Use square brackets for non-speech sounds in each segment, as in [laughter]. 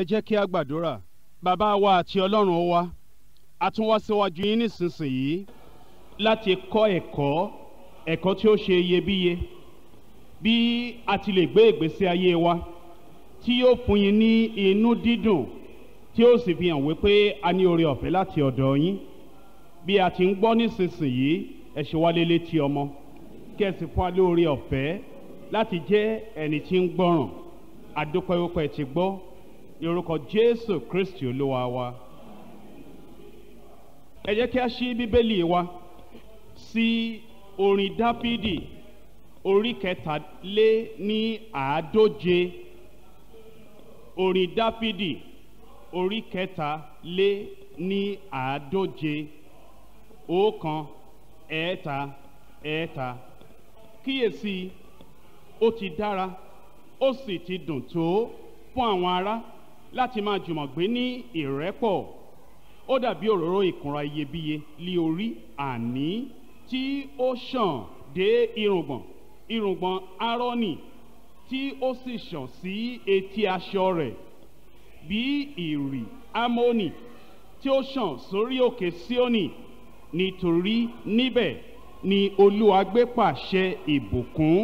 ẹ jẹ́ kí a gbàdúrà bàbá wa àti ọlọ́run wa a tún wá síwájú yín nísinsìnyí láti kọ́ ẹ̀kọ́ ẹ̀kọ́ tí ó ṣe iyebíye bí a ti lè gbé ìgbésí ayé wa tí yóò fún yín ní inú dídùn tí ó sì fi hàn wípé a ní oore ọ̀fẹ́ láti ọ̀dọ̀ yín bí a ti ń gbọ́ nísinsìnyí ẹ ṣe wálé létí ọmọ kí ẹ sì fún wa lóore ọ̀fẹ́ láti jẹ́ ẹni tí ń gbọ́ràn adúpẹ́ ti gbọ́ orúkọ jésù kristi olúwa wa ẹ jẹ́ kí a ṣí bíbélì wa sí orin dáfídì orí kẹtàlé ní àádóje orin dáfídì orí kẹtàlé ní àádóje ọ̀kan ẹ̀ẹ́ta ẹ̀ẹ́ta kíyèsí ó ti dára ó sì ti dùn tó fún àwọn ará láti máa jùmọ̀ gbé ní ìrẹ́pọ̀ ó dàbí òróró ìkunra iyebíye lé orí àní tí ó ṣàn dé irùngbọ̀n irùngbọ̀n Árónì tí ó sì ṣàn sí etí aṣọ rẹ̀ bí ìrì Ámónì tí ó ṣàn sórí òkè Síónì nítorí níbẹ̀ ni Olúwa gbé pàṣẹ ìbùkún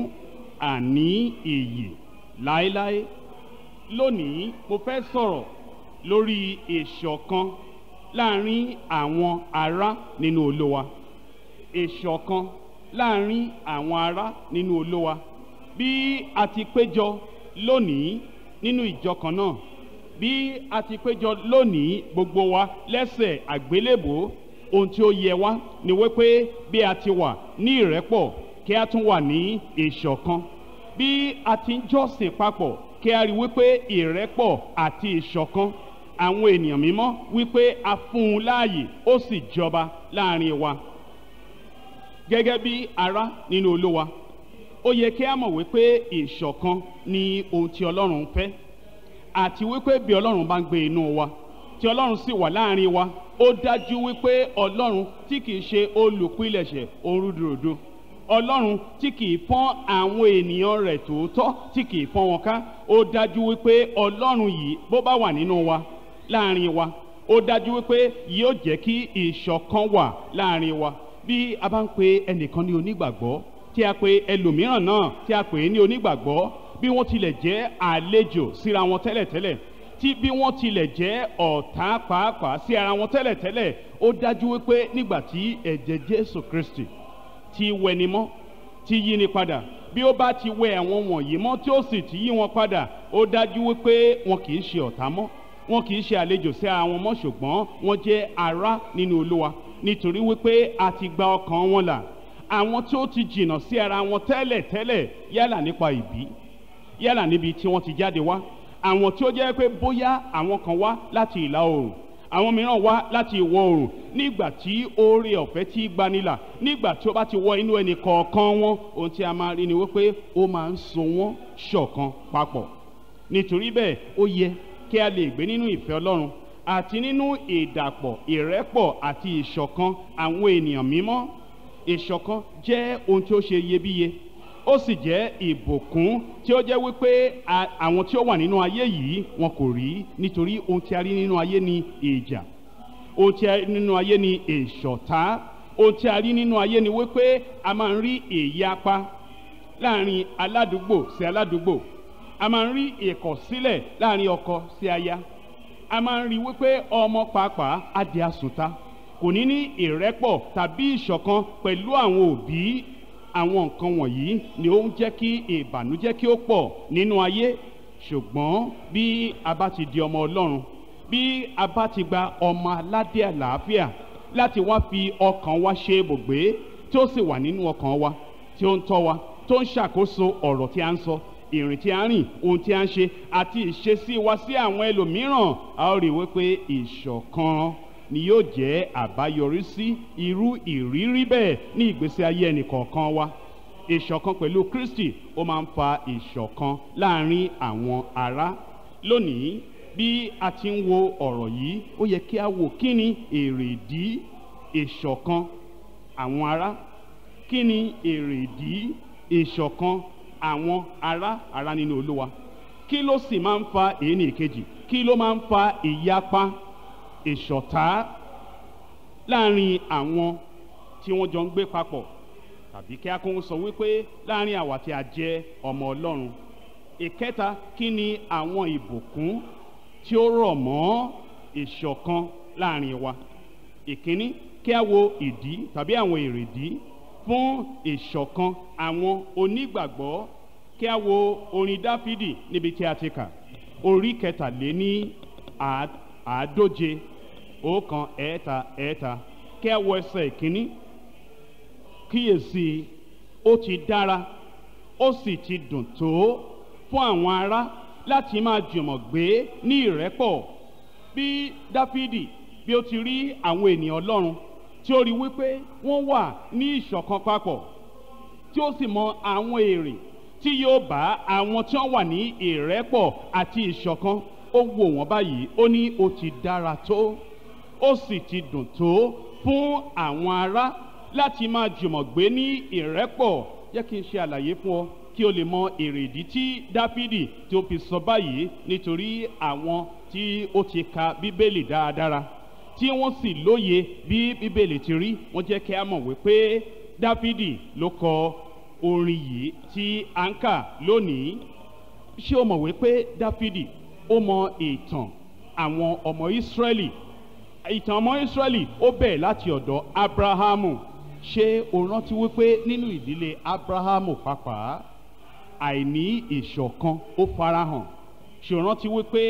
àní ìyè láéláé lónìí mo fẹ́ sọ̀rọ̀ lórí ìṣọ̀kan láàrin àwọn ará nínú olówa ìṣọ̀kan láàrin àwọn ará nínú olówa bí a ti péjọ lónìí nínú ìjọ kan náà bí a ti péjọ lónìí gbogbo wa lẹ́sẹ̀ àgbélébòó ohun tí ó yẹ wá ni wípé bí a ti wà ní ìrẹ́pọ̀ kí a tún wà ní ìṣọ̀kan bí a ti ń jọ́sìn papọ̀ kí a rí wípé ìrẹ́pọ̀ àti ìṣọ̀kan àwọn ènìyàn mímọ́ wípé a fún un láàyè ó sì jọba láàrin wa gẹ́gẹ́ bí ará nínú olówa ó yẹ kí a mọ̀ wípé ìṣọ̀kan ni ohun tí ọlọ́run fẹ́ àti wípé bí ọlọ́run bá ń gbé inú wa tí ọlọ́run sì wà láàrin wa ó dájú wípé ọlọ́run tí kìí ṣe olùpilẹ̀ṣẹ̀ orúdurùdu ọlọ́run tí kì í pọ́n àwọn ènìyàn rẹ̀ tòótọ́ tí kì í pọ́n wọn ká ó dájú wípé ọlọ́run yìí bó bá wà nínú wa láàrin wa ó dájú wípé yóò jẹ́ kí ìṣọ̀kan wà láàrin wa bí a bá ń pe ẹnìkan ní onígbàgbọ́ tí a pe ẹlòmíràn náà tí a pè é ní onígbàgbọ́ bí wọ́n tilẹ̀ jẹ́ àlejò síra wọn tẹ́lẹ̀tẹ́lẹ̀ tí bí wọ́n tilẹ̀ jẹ́ ọ̀tá pàápàá sí ara wọn tẹ́lẹ̀tẹ́lẹ̀ ó dájú wípé nígbà tí ẹ̀jẹ̀ Jésù Kristi ti wẹ̀ ni mọ́ ti yí ni padà bí ó bá ti wẹ̀ àwọn wọ̀nyí mọ́ tí ó sì ti yí wọn padà ó dájú wípé wọn kì í ṣe ọ̀tá mọ́ wọn kì í ṣe àlejò sí àwọn mọ́ ṣùgbọ́n wọn jẹ́ ará nínú olúwa nítorí wípé a ti gba ọkàn wọn là àwọn tí ó ti jìnnà sí ara wọn tẹ́lẹ̀ tẹ́lẹ̀ yálà nípa ìbí yálà níbi tí wọ́n ti jáde wá àwọn tí ó jẹ́ pé bóyá àwọn kan wá láti ìlà oòrùn àwọn mìíràn wá láti ìwọ̀ oòrùn nígbà tí oore ọ̀fẹ́ tí gbanilà nígbà tí ó bá ti wọ inú ẹnì kọ̀ọ̀kan wọn ohun tí a máa rí ni wípé ó máa ń so wọ́n ṣọ̀kan papọ̀ nítorí bẹ́ẹ̀ ó yẹ kí a lè gbé nínú ìfẹ́ Ọlọ́run àti nínú ìdàpọ̀ ìrẹ́pọ̀ àti ìṣọ̀kan àwọn ènìyàn mímọ́ ìṣọ̀kan jẹ́ ohun tí ó ṣe iyebíye ó sì jẹ́ ìbùkún tí ó jẹ́ wípé àwọn tí ó wà nínú ayé yìí wọn kò rí nítorí ohun tí a rí nínú ayé ni ìjà ohun tí a rí nínú ayé ni ìṣọ̀tá ohun tí a rí nínú ayé ni wípé a máa ń rí ìyapa láàrin aládùúgbò sí aládùúgbò a máa ń rí ìkọ̀sílẹ̀ láàrin ọkọ sí aya a máa ń rí wípé ọmọ pàápàá á di àsùntà kò ní ní ìrẹ́pọ̀ tàbí ìṣọ̀kan pẹ̀lú àwọn òbí àwọn nǹkan wọ̀nyí ni ó ń jẹ́ kí ìbànújẹ́ kí ó pọ̀ nínú ayé ṣùgbọ́n bí a bá ti di ọmọ ọlọ́run bí a bá ti gba ọmọ aládé àlàáfíà láti wá fi ọkàn wa ṣe ibùgbé tí ó sì wà nínú ọkàn wa tí ó ń tọ́ wa tó ń ṣàkóso ọ̀rọ̀ tí a ń sọ ìrìn tí a ń rìn ohun tí a ń ṣe àti ìṣesí wa sí àwọn ẹlòmíràn a ó rí wípé ìṣọ̀kan ni yóò jẹ́ àbáyọrí sí irú ìrírí bẹ́ẹ̀ ní ìgbésí ayé ẹnìkọ̀ọ̀kan wa ìṣọ̀kan pẹ̀lú Kristi ó máa ń fa ìṣọ̀kan láàrin àwọn ará lónìí bí a ti ń wo ọ̀rọ̀ yìí ó yẹ kí a wò kí ni èrèdí ìṣọ̀kan àwọn ará kí ni èrèdí ìṣọ̀kan àwọn ará ará nínú Olúwa kí ló sì máa ń fa èyí ní ìkejì kí ló máa ń fa ìyapa ìṣọ̀tá láàrin àwọn tí wọ́n jọ ń gbé papọ̀ tàbí kí a kún sọ wípé láàrin àwa tí a jẹ́ ọmọ Ọlọ́run ìkẹta kí ni àwọn ìbùkún tí ó rọ̀ mọ́ ìṣọ̀kan láàrin wa ìkíní kí a wo ìdí tàbí àwọn èrèdí fún ìṣọ̀kan àwọn onígbàgbọ́ kí a wo orin Dáfídì níbi tí a ti kà orí kẹtàléní àádóje ọ̀kan ẹ̀ẹ́ta ẹ̀ẹ́ta kẹwọ ẹsẹ̀ ìkíní kíyèsí ó ti dára ó sì ti dùn tó fún àwọn ará láti máa jùmọ̀ gbé ní ìrẹ́pọ̀ bí dáfídì bí ó ti rí àwọn ènìyàn ọlọ́run tí ó rí wípé wọ́n wà ní ìṣọ̀kan papọ̀ tí ó sì mọ àwọn èrè tí yóò bá àwọn tí wọ́n wà ní ìrẹ́pọ̀ àti ìṣọ̀kan ó wò wọ́n báyìí ó ní ó ti dára tó ó sì ti dùn tó fún àwọn ará láti máa jùmọ̀ gbé ní ìrẹ́pọ̀ jẹ́ kí n ṣe àlàyé fún ọ kí o lè mọ èrèdí tí dáfídì tí ó fi sọ báyìí nítorí àwọn tí ó ti ka bíbélì dáadára tí wọ́n sì lóye bí bíbélì ti rí wọ́n jẹ́ kí a mọ̀ wípé dáfídì ló kọ orin yìí tí a ń kà lónìí ṣé o mọ̀ wípé dáfídì ó mọ ìtàn àwọn ọmọ ìsírẹ́lì ìtàn ọmọ Ísírẹ́lì ó bẹ̀ láti ọ̀dọ̀ Abrahamu ṣé o rántí wípé nínú ìdílé Abrahamu pàápàá àìní ìṣọ̀kan ó farahàn ṣé o rántí wípé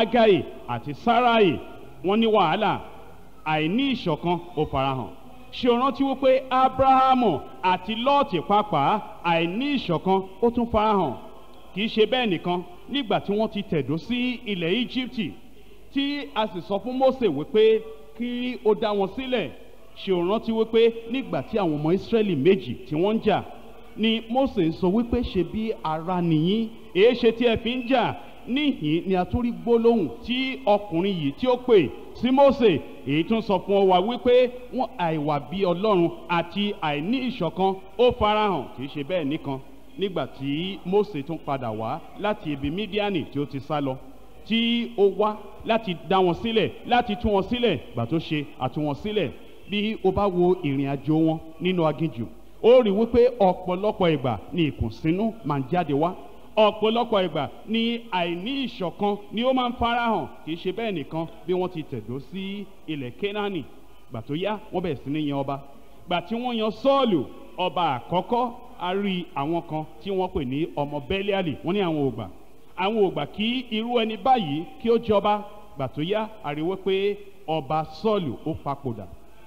Agai àti Sarai wọ́n ní wàhálà àìní ìṣọ̀kan ó farahàn ṣé o rántí wípé Abrahamu àti Lọ́ọ̀tì pàápàá àìní ìṣọ̀kan ó tún farahàn kì í ṣe bẹ́ẹ̀ nìkan nígbà tí wọ́n ti tẹ̀dó sí ilẹ̀ Íjíbítì tí a sì sọ fún Mósè wípé kí ó dá wọn sílẹ̀ ṣe ò rántí wípé nígbà tí àwọn ọmọ Ísírẹ́lì méjì tí wọ́n ń jà ni Mósè sọ wípé ṣe bí ara nìyín èé ṣe tí ẹ fi ń jà níhìn ni a tún rí gbólóhùn tí ọkùnrin yìí tí ó pè sí Mósè èyí tún sọ fún wa wípé wọn àìwà bí Ọlọ́run àti àìní ìṣọ̀kan ó farahàn kì í ṣe bẹ́ẹ̀ nìkan nígbà tí Mósè tún padà wá láti ibi Mídíánì tí ó ti sá lọ tí ó wá láti dá wọn sílẹ̀ láti tú wọn sílẹ̀ gbà tó ṣe àtú wọn sílẹ̀ bí o bá wo ìrìn àjò wọn nínú aginjù ó rí wípé ọ̀pọ̀lọpọ̀ ìgbà ni ìkùnsínú máa ń jáde wá ọ̀pọ̀lọpọ̀ ìgbà ni àìní ìṣọ̀kan ni ó máa ń farahàn kì í ṣe bẹ́ẹ̀ nìkan bí wọ́n ti tẹ̀dó sí ilẹ̀ Kénáánì gbà tó yá wọ́n bẹ̀rẹ̀ sí ní yan ọba gbà tí wọ́n yan Sọ́ọ̀lù ọba àkọ́kọ́ a rí àwọn kan tí wọ́n pè ní ọmọ Bẹ́líàlì wọ́n ní àwọn ò àwọn ò gbà kí irú ẹni báyìí kí ó jọba gbà tó yá ariwo pé ọba sọ́ọ̀lù ó papòdà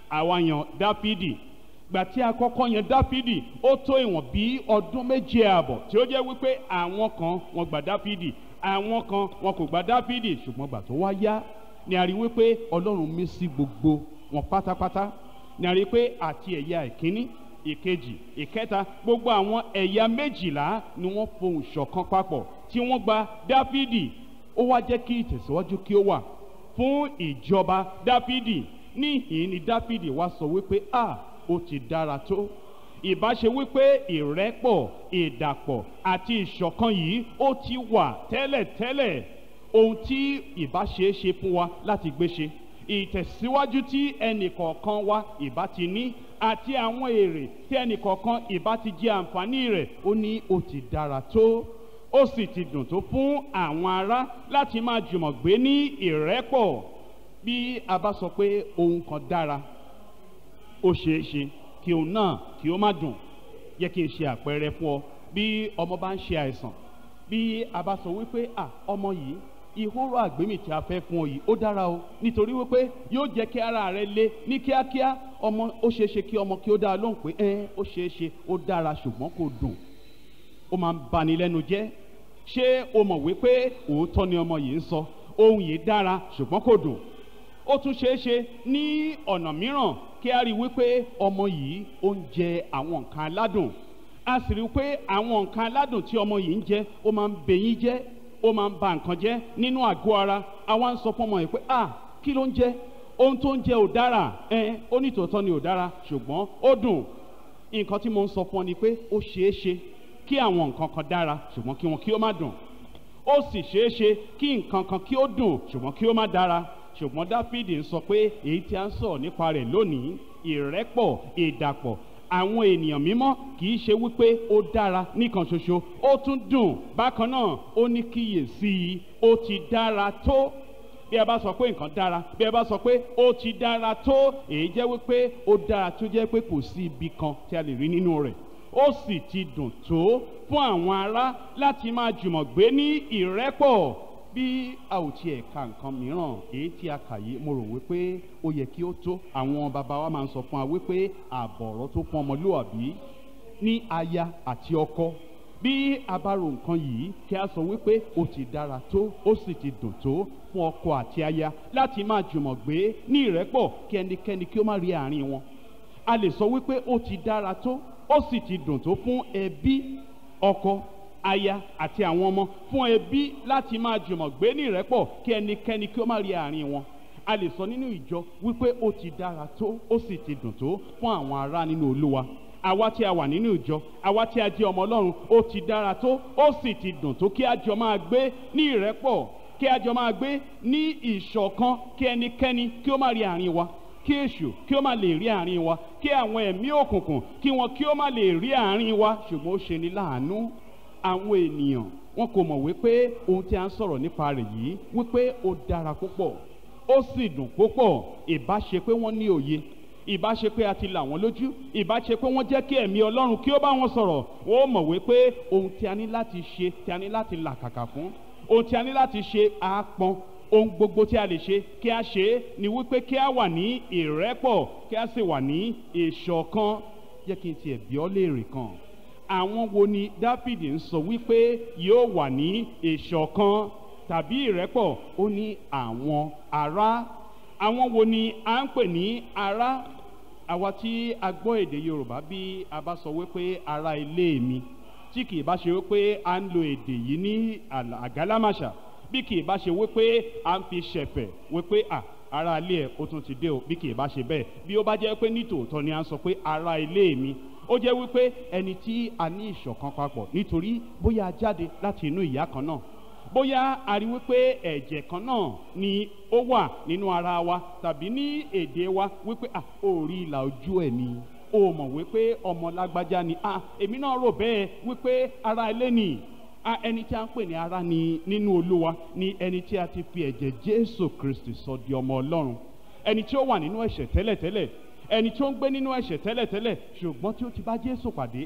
àwa yan dápídì gbà tí a kọ́kọ́ yan dápídì ó tó ìwọ̀n bí ọdún méje ààbọ̀ tí ó jẹ́ wípé àwọn kan wọ́n gba dápídì àwọn kan wọ́n kò gba dápídì ṣùgbọ́n gbà tó wá yá ni a rí wípé ọlọ́run mí sí gbogbo wọn pátápátá ni a rí pé àti ẹ̀yà ìkíní ìkejì ìkẹta gbogbo àwọn ẹ̀yà méjìlá ni wọ́n fohùn ṣọ̀kan papọ̀ tí wọ́n gba dáfídì ó wá jẹ́ kí ìtẹ̀síwájú kí ó wà fún ìjọba dáfídì níhìn ni dáfídì wá sọ wípé a ó ti dára tó ìbá ṣe wípé ìrẹ́pọ̀ ìdàpọ̀ àti ìṣọ̀kan yìí ó ti wà tẹ́lẹ̀tẹ́lẹ̀ ohun tí ìbá ṣe é ṣe fún wa láti gbé ṣe ìtẹ̀síwájú tí ẹnìkọ̀ọ̀kan wa ìbá ti ní àti àwọn èrè tí ẹnìkọ̀ọ̀kan ìbá ti jẹ àǹfààní rẹ̀ ó ní ó ti dára tó ó sì ti dùn tó fún àwọn ará láti máa jùmọ̀ gbé ní ìrẹ́pọ̀ bí a bá sọ pé ohun kan dára ó ṣeé ṣe kí òun náà kí ó má dùn yẹ kí n ṣe àpẹẹrẹ fún ọ bí ọmọ bá ń ṣe àìsàn bí a bá sọ wípé à ọmọ yìí ìhóró àgbémì tí a fẹ́ fún ọ yìí ó dára o nítorí wípé yóò jẹ́ kí ara rẹ le ní kíákíá ọmọ ó ṣeé ṣe kí ọmọ kí ó dá a lóhùn pé ẹ ó ṣeé ṣe ó dára ṣùgbọ́n kò dùn ó máa ń bani lẹ́nu jẹ́ ṣé o mọ̀ wípé òótọ́ ni ọmọ yìí ń sọ ohun yìí dára ṣùgbọ́n kò dùn ó tún ṣeé ṣe ní ọ̀nà mìíràn kí a rí wípé ọmọ yìí ó ń jẹ àwọn nǹkan aládùn a sì rí pé àwọn nǹkan aládùn tí ọmọ yìí ń jẹ ó máa ń bẹyín jẹ́ ó máa ń ba nǹkan jẹ́ nínú àgọ́ ara àwa ń sọ fún ọmọ yẹn pé ah kí ló ń jẹ ohun tó ń jẹ ò dára ẹ ó ní tòótọ́ ni ò dára ṣùgbọ́n ó dùn nǹkan tí mo ń sọ fún ọ ni pé ó ṣeé ṣe kí àwọn nǹkan kan dára ṣùgbọ́n kí wọn kí ó má dùn ó sì ṣeé ṣe kí nǹkan kan kí ó dùn ṣùgbọ́n kí ó má dára ṣùgbọ́n dáfídì ń sọ pé èyí tí a ń sọ nípa rẹ̀ lónìí ìrẹ́pọ̀ ìdàpọ̀ àwọn ènìyàn mímọ́ kì í ṣe wípé ó dára nìkan ṣoṣo ó tún dùn bákan náà ó ní kíyèsí i ó ti dára tó bí ẹ bá sọ pé nǹkan dára bí ẹ bá sọ pé ó ti dára tó èyí jẹ́ wípé ó dára tó jẹ́ pé kò sí ibi kan tí a lè rí nínú rẹ̀ ó sì ti dùn tó fún àwọn ará láti máa jùmọ̀ gbé ní ìrẹ́pọ̀ bí a ò tiẹ̀ ka nǹkan mìíràn èyí tí a kà yìí mo rò wípé ó yẹ kí ó tó àwọn bàbá wa máa ń sọ fún wa wípé àbọ̀rọ̀ tó pọn ọmọlúwàbí ní aya àti ọkọ bí a bá ro nǹkan yìí kí a sọ wípé ó ti dára tó ó sì ti dùn tó fún ọkọ àti aya láti máa jùmọ̀ gbé ní ìrẹ́pọ̀ kí ẹnikẹ́ni kí ó má rí àárín wọn a lè sọ wípé ó ti dára tó ó sì ti dùn tó fún ẹbí ọkọ aya àti àwọn ọmọ fún ẹbí láti máa jùmọ̀ gbé ní ìrẹ́pọ̀ kí ẹnikẹ́ni kí ó má rí àárín wọn a lè sọ nínú ìjọ wípé ó ti dára tó ó sì ti dùn tó fún àwọn ará nínú olúwa àwa tí a wà nínú ìjọ àwa tí a jẹ́ ọmọ ọlọ́run ó ti dára tó ó sì ti dùn tó kí a jọ máa gbé ní ìrẹ́pọ̀ kí a jọ máa gbé ní ìṣọ̀kan kí ẹnikẹ́ni kí ó má rí àárín wa kí èṣù kí ó má lè rí àárín wa kí àwọn ẹ̀mí òkùnkùn kí wọn kí ó má lè rí àárín wa ṣùgbọ́n ó ṣe ni láàánú àwọn ènìyàn wọn kò mọ̀ wípé ohun tí a ń sọ̀rọ̀ nípa rẹ̀ yìí wípé ó dára púpọ̀ ó sì dùn púpọ̀ ìbá ṣe pé wọ́n ní òye ìbá ṣe pé a ti là wọ́n lójú ìbá ṣe pé wọ́n jẹ́ kí ẹ̀mí Ọlọ́run kí ó bá wọn sọ̀rọ̀ wọ́n mọ̀ wípé ohun tí a ní láti ṣe tí a ní láti làkàkà fún ohun tí a ní láti ṣe á pọn ohun gbogbo tí a lè ṣe kí a ṣe é ni wípé kí a wà ní ìrẹ́pọ̀ kí a sì wà ní ìṣọ̀kan jẹ́ kí n tiẹ̀ bi ọ́ léèrè kan àwọn wo ni dáfídì ń sọ wípé yóò wà ní ìṣọ̀kan tàbí ìrẹ́pọ̀ ó ní àwọn ará àwọn wo ni à ń pè ní ará àwa tí a gbọ́ èdè yorùbá bí a bá sọ wípé ará ilé mi tí kì í bá ṣe wípé à ń lo èdè yìí ní àgálámàṣà bí kì í bá ṣe wípé à ń fi ṣẹ̀fẹ̀ wípé à ará ilé ẹ̀ ó tún ti dé o bí kì í bá ṣe bẹ́ẹ̀ bí ó bá jẹ́ pé nítòótọ́ ni à ń sọ pé ará ilé mi ó jẹ́ wípé ẹni tí a ní ìṣọ̀kan papọ̀ nítorí bóyá a jáde láti inú ìyá kan náà bóyá a rí wípé ẹ̀jẹ̀ kan náà ni ó wà nínú ara wa tàbí ní èdè wa wípé à ó rí ìlà ojú ẹ̀ mi ó mọ̀ wípé ọmọ lágbájá ni à èmi náà rò bẹ́ẹ̀ wípé ara ilé ni ẹni tí a ń pè ní ara ni nínú olúwa ni ẹni tí a ti fi ẹ̀jẹ̀ Jésù Kristi sọ di ọmọ Ọlọ́run ẹni tí ó wà nínú ẹ̀ṣẹ̀ tẹ́lẹ̀tẹ́lẹ̀ ẹni tí ó ń gbé nínú ẹ̀ṣẹ̀ tẹ́lẹ̀tẹ́lẹ̀ ṣùgbọ́n tí ó ti bá Jésù pàdé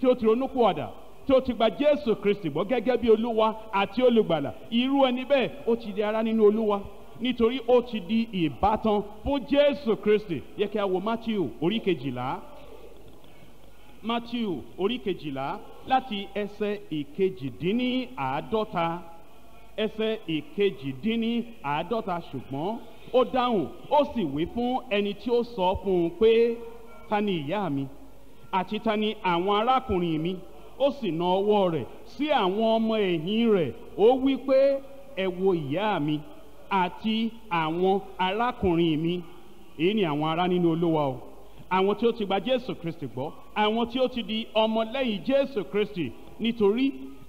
tí ó ti ronúpìwàdà tí ó ti gba Jésù Kristi gbọ́ gẹ́gẹ́ bí Olúwa àti olùgbàlà irú ẹni bẹ́ẹ̀ ó ti di ara nínú Olúwa nítorí ó ti di ìbátan fún Jésù Kristi yẹ kí a wo Matthew orí kejìlá Matthew orí kejìlá láti ẹsẹ̀ ìkejìdínní àádọ́ta ẹsẹ̀ ìkejìdínníàádọ́ta ṣùgbọ́n ó dáhùn ó sì wí fún ẹni tí ó sọ fún un pé ta ni ìyá mi àti ta ni àwọn arákùnrin mi ó sì na ọwọ́ rẹ̀ sí àwọn ọmọ ẹ̀yìn rẹ̀ ó wí pé ẹ wo ìyá mi àti àwọn arákùnrin mi èyí ni àwọn ará nínú olúwa o àwọn tí ó ti gba jésù kristi gbọ́ àwọn tí ó ti di ọmọlẹ́yìn jésù kristi nítorí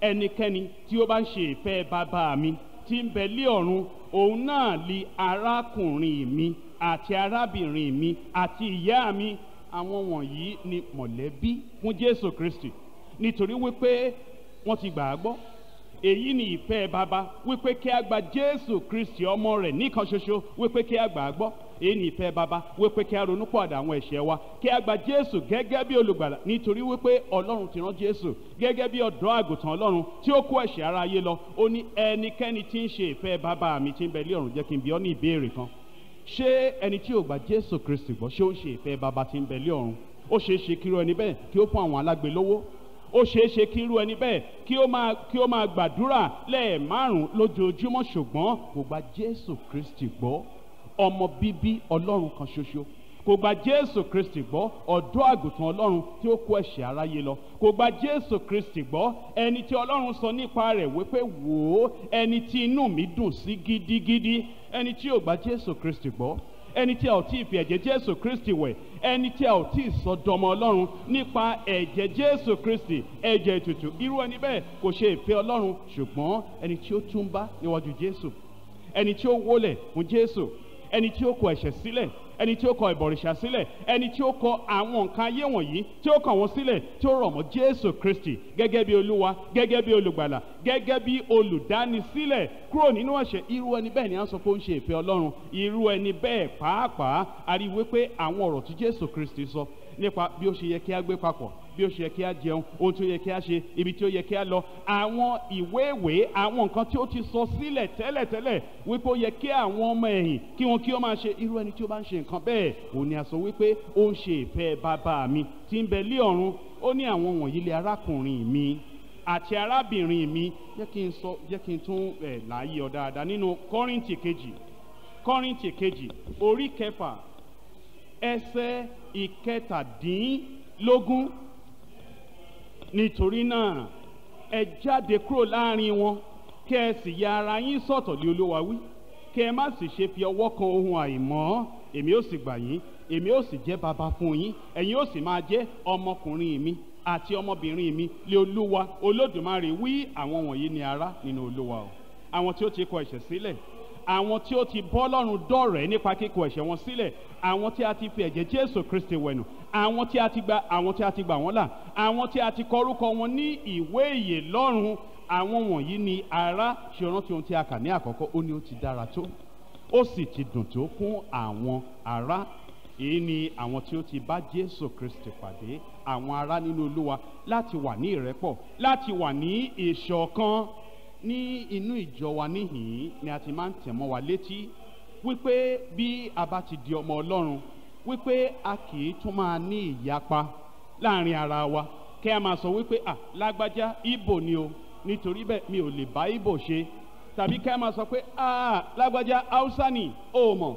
ẹnikẹ́ni tí ó bá ń ṣe ìfẹ́ bàbá mi tí ń bẹ lé ọ̀run òun náà li arákùnrin mi àti arábìnrin mi àti ìyá mi àwọn wọ̀nyí ni mọ̀lẹ́bí fún Jésù Kristi nítorí wípé wọ́n ti gbà á gbọ́ èyí ni ìfẹ́ bàbá wípé kí a gba Jésù Kristi ọmọ rẹ̀ nìkan ṣoṣo wípé kí a gbà á gbọ́ èyí ìfẹ́ bàbá wípé kí a ronú pọ̀dà àwọn ẹ̀ṣẹ̀ wa kí a gba jésù gẹ́gẹ́ bí olùgbàlà nítorí wípé ọlọ́run ti rán jésù gẹ́gẹ́ bí ọ̀dọ́ àgùntàn ọlọ́run tí ó kó ẹ̀ṣẹ̀ ara ayé lọ ó ní ẹnikẹ́ni tí ń ṣe ìfẹ́ bàbá mi tí ń bẹ lé ọ̀run jẹ́ kí n bi ọ́ ní ìbéèrè kan ṣé ẹni tí ò gba jésù kristi gbọ́ ṣé ó ń ṣe ìfẹ́ bàbá tí ń bẹ lé ọ̀run ó ṣeé ṣe kí irú ẹni bẹ́ẹ̀ kí ó fún àwọn alágbe lówó ó ṣeé ṣe kí irú ẹni bẹ́ẹ̀ kí ó máa kí ó máa gbàdúrà lẹ́ẹ̀márùn-ún lójoojúmọ́ ṣùgbọ́n kò gba jésù kristi gbọ́ ọmọ bíbí ọlọ́run kan ṣoṣo kò gba jésù kristi gbọ́ ọ̀dọ́ àgùntàn ọlọ́run tí ó kó ẹ̀ṣẹ̀ aráyé lọ kò gba jésù kristi gbọ́ ẹni tí ọlọ́run sọ nípa rẹ̀ wípé wò ó ẹni tí inú mi dùn sí gidigidi ẹni tí ò gba jésù kristi gbọ́ ẹni tí a ò tí ì fi ẹ̀jẹ̀ jésù kristi wẹ̀ ẹni tí a ò tí ì sọ dọmọ ọlọ́run nípa ẹ̀jẹ̀ jésù kristi ẹ̀jẹ̀ ètùtù irú ẹni bẹ́ẹ̀ kò ṣe ìfẹ́ ọlọ́run ṣùgbọ́n ẹni tí ó túnbá níwájú jésù ẹni tí ó wólẹ̀ fún jésù ẹni tí ó kọ ẹ̀ṣẹ̀ sílẹ̀ ẹni tí ó kọ ìbọ̀rìṣà sílẹ̀ ẹni tí ó kọ àwọn nǹkan ayé wọ̀nyí tí ó kàn wọ́n sílẹ̀ tí ó rọ̀ mọ́ Jésù Kristi gẹ́gẹ́ bí Olúwa gẹ́gẹ́ bí olùgbàlà gẹ́gẹ́ bí olùdánisílẹ̀ kúrò nínú ẹ̀ṣẹ̀ irú ẹni bẹ́ẹ̀ ni à ń sọ pé ó ń ṣe ìfẹ́ Ọlọ́run irú ẹni bẹ́ẹ̀ pàápàá a rí wípé àwọn ọ̀rọ̀ tí Jésù Kristi sọ nípa bí ó ṣe yẹ kí á gbé papọ̀ bí ó ṣe yẹ kí á jẹun ohun tí ó yẹ kí á ṣe ibi tí ó yẹ kí á lọ àwọn ìwé ìwé àwọn nǹkan tí ó ti sọ sílẹ̀ tẹ́lẹ̀tẹ́lẹ̀ wípé ó yẹ kí àwọn ọmọ ẹ̀yìn kí wọn kí ó máa ṣe irú ẹni tí ó bá ń ṣe nǹkan bẹ́ẹ̀ òun ni a wípé ó ń ṣe ìfẹ́ bàbá mi tí ń bẹ lé ọ̀run ó ní àwọn wọ̀nyí lé arákùnrin mi àti arábìnrin mi jẹ́ kí n sọ jẹ́ kí n tún ẹ̀ láàyè ọ dáadáa nínú kọ́rìntì kejì kọ́rìntì nítorí náà ẹ jáde kúrò láàrin wọn kẹ ẹ sì ya ara yín sọ̀tọ̀ lé olúwa wí kẹ ẹ má sì ṣe fi ọwọ́ kan ohun àìmọ́ èmi ó sì gbà yín èmi ó sì jẹ́ baba fún yín ẹ̀yin ó sì máa jẹ́ ọmọkùnrin mi àti ọmọbìnrin mi lé olúwa olódùmarè wí àwọn wọ̀nyí ni ará nínú olúwa o àwọn tí ó ti kọ ẹ̀ṣẹ̀ sílẹ̀ àwọn tí ó ti bọ́ lọ́rùn dọ̀rẹ́ nípa kíkó ẹ̀ṣẹ̀ wọn sílẹ̀ àwọn tí a ti fi ẹ̀jẹ̀ Jésù Kristi wẹ̀nù àwọn tí a ti gba àwọn tí a ti gbà wọ́n là àwọn tí a ti kọ orúkọ wọn ní ìwé ìyè lọ́run àwọn wọ̀nyí ni ará ṣe rántí ohun tí a kà ní àkọ́kọ́ ó ní ó ti dára tó ó sì ti dùn tó fún àwọn ará èyí ni àwọn tí ó ti bá Jésù Kristi pàdé àwọn ará nínú Olúwa láti wà ní ìrẹ́pọ̀ láti wà ní ìṣọ̀kan ní inú ìjọ wa níhìn ni a ti máa ń tẹ̀ mọ́ wa létí wípé bí a bá ti di ọmọ ọlọ́run wípé a kì í tún máa ní ìyapa láàrin ara wa kẹ́ a máa sọ wípé à lágbájá ibo ni o nítorí bẹ́ẹ̀ mi ò lè bá ibo ṣe tàbí kẹ́ a máa sọ pé à lágbájá haúsá ni o mọ̀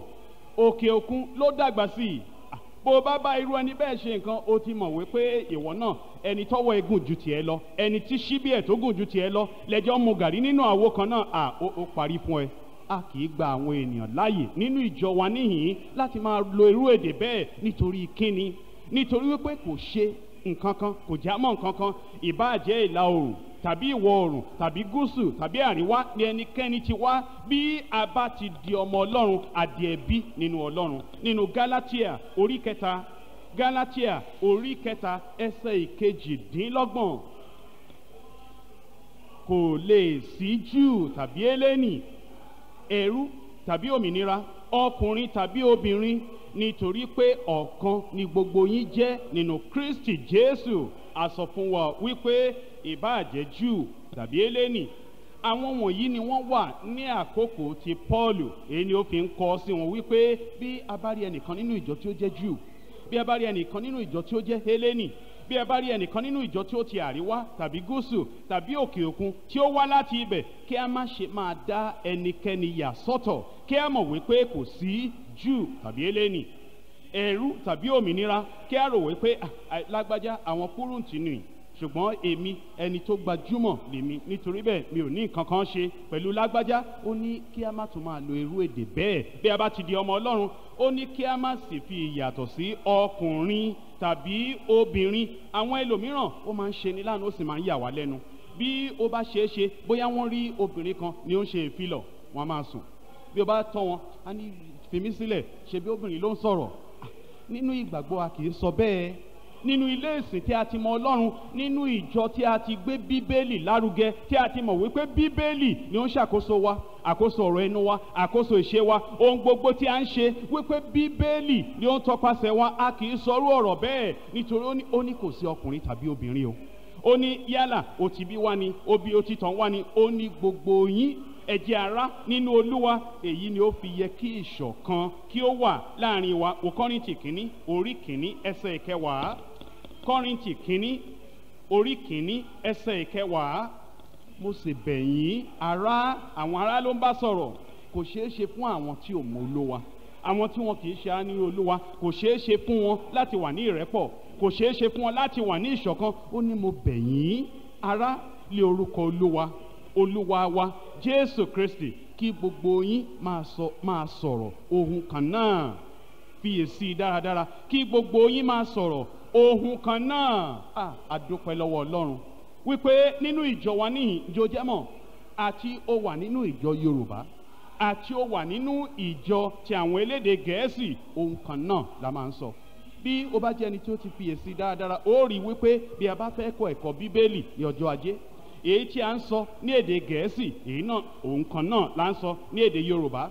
òkè òkun ló dàgbà sí i bó o bá bá irú ẹni bẹ́ẹ̀ ṣe nǹkan o ti mọ̀ wípé ìwọ náà ẹni tọ́wọ́ ẹ gùn ju tiẹ̀ lọ ẹni tí ṣíbí ẹ̀ tó gùn ju tiẹ̀ lọ lẹ́jọ́ mu gàrí nínú àwo kan náà à ó ó parí fún ẹ a kì í gba àwọn ènìyàn láàyè nínú ìjọ wa níhìn-ín láti máa lo irú èdè bẹ́ẹ̀ nítorí kíni nítorí wípé kò ṣe nǹkan kan kò já nǹkan kan ìbáà ìlà oòrùn tàbí ìwọ̀ oòrùn tàbí gúúsù tàbí àríwá ni ẹnikẹ́ni ti wá bí a bá ti di ọmọ ọlọ́run àdì nínú ọlọ́run nínú galatia orí kẹta galatia orí kẹta ẹsẹ̀ ìkejìdínlọ́gbọ̀n kò lè sí júù tàbí eléni ẹrú tàbí òmìnira ọkùnrin tàbí obìnrin nítorí pé ọ̀kan ni gbogbo yín jẹ́ nínú kristi jésù a wa wípé ìbáàjẹ́ Júù tàbí eléni àwọn wọ̀nyí ni wọ́n wà ní àkókò tí Pọ́ọ̀lù èyí ni ó fi ń kọ́ sí wọn wípé bí a bá rí ẹnìkan nínú ìjọ tí ó jẹ́ Júù bí a bá rí ẹnìkan nínú ìjọ tí ó jẹ́ eléni bí ẹ bá rí ẹnìkan nínú ìjọ tí ó ti àríwá tàbí gúúsù tàbí òkè òkun tí ó wá láti ibẹ̀ kí a má ṣe máa dá ẹnikẹ́ni yà sọ́tọ̀ kí a mọ̀ wípé kò sí Júù tàbí eléni ẹ̀rú tàbí òmìnira kí a rò wípé lágbájá àwọn kúrúǹtì nìyí ṣùgbọ́n èmi ẹni tó gbajúmọ̀ lèmi nítorí bẹ́ẹ̀ mi ò ní nǹkan kan ṣe pẹ̀lú lágbájá ó ní kí a má tún máa lo irú èdè bẹ́ẹ̀ bí a bá ti di ọmọ ọlọ́run ó ní kí a má sì fi ìyàtọ̀ sí ọkùnrin tàbí obìnrin àwọn ẹlòmíràn ó máa ń ṣe ní láàánú ó sì máa ń yà wá lẹ́nu bí ó bá ṣeé ṣe bóyá wọ́n rí obìnrin kan ni ó ń ṣe ìfilọ̀ wọ́n máa sùn bí ó bá tọ́ wọn á ní fèmí sílẹ̀ ṣe bí obìnrin ló ń sọ̀rọ̀ ah, nínú ìgbàgbọ́ a kì í sọ bẹ́ẹ̀ nínú ilé ìsìn tí a ti mọ ọlọ́run nínú ìjọ tí a ti gbé bíbélì lárugẹ tí a ti mọ̀ wípé bíbélì ni ó ń ṣàkóso wa àkóso ọ̀rọ̀ ẹnu wa àkóso ìṣe wa ohun gbogbo tí a ń ṣe wípé bíbélì ni ó ń tọpasẹ̀ wa a kì í sọrú ọ̀rọ̀ bẹ́ẹ̀ nítorí ó ní kò sí ọkùnrin tàbí obìnrin o ó ní yálà òtìbí wa ni obi òtítàn wa ni ó ní gbogbo yín ẹ̀jẹ̀ ara nínú olúwa èyí ni ó fi yẹ kí ìṣọ̀kan kí ó wà láàrin wa òkọ́rìntì kìíní orí kìíní ẹsẹ̀ ìkẹwàá kọ́rìntì kínní orí kínní ẹsẹ̀ ìkẹwàá mo sì bẹ̀ ara ará àwọn ará ló ń bá sọ̀rọ̀ kò ṣeé ṣe fún àwọn tí ò mọ olówa àwọn tí wọn kì í ṣe á ní olúwa kò ṣeé ṣe fún wọn láti wà ní ìrẹ́pọ̀ kò ṣeé ṣe fún wọn láti wà ní ìṣọ̀kan ó ní mo bẹ̀ yín lé orúkọ olúwa olúwa wa jésù kristi kí gbogbo yín máa sọ̀rọ̀ ohun kan náà fiyèsí dáradára kí gbogbo yín máa sọ̀rọ̀ ohun kan náà àdúpẹ́ lọ́wọ́ ọlọ́run wípé nínú ìjọ wa níhìn ìjọ jẹ́mọ̀ àti ó wà nínú ìjọ yorùbá àti ó wà nínú ìjọ ti àwọn elédè gẹ̀ẹ́sì ohun kan náà la máa ń sọ bí o bá jẹ́ ẹni tí ó ti fiyèsí dáradára ó rí wípé bí a bá fẹ́ kọ́ ẹ̀kọ́ bíbélì ní ọjọ́ ajé èyí tí a ń sọ ní èdè gẹ̀ẹ́sì èyí náà ohun kan náà la ń sọ ní èdè yorùbá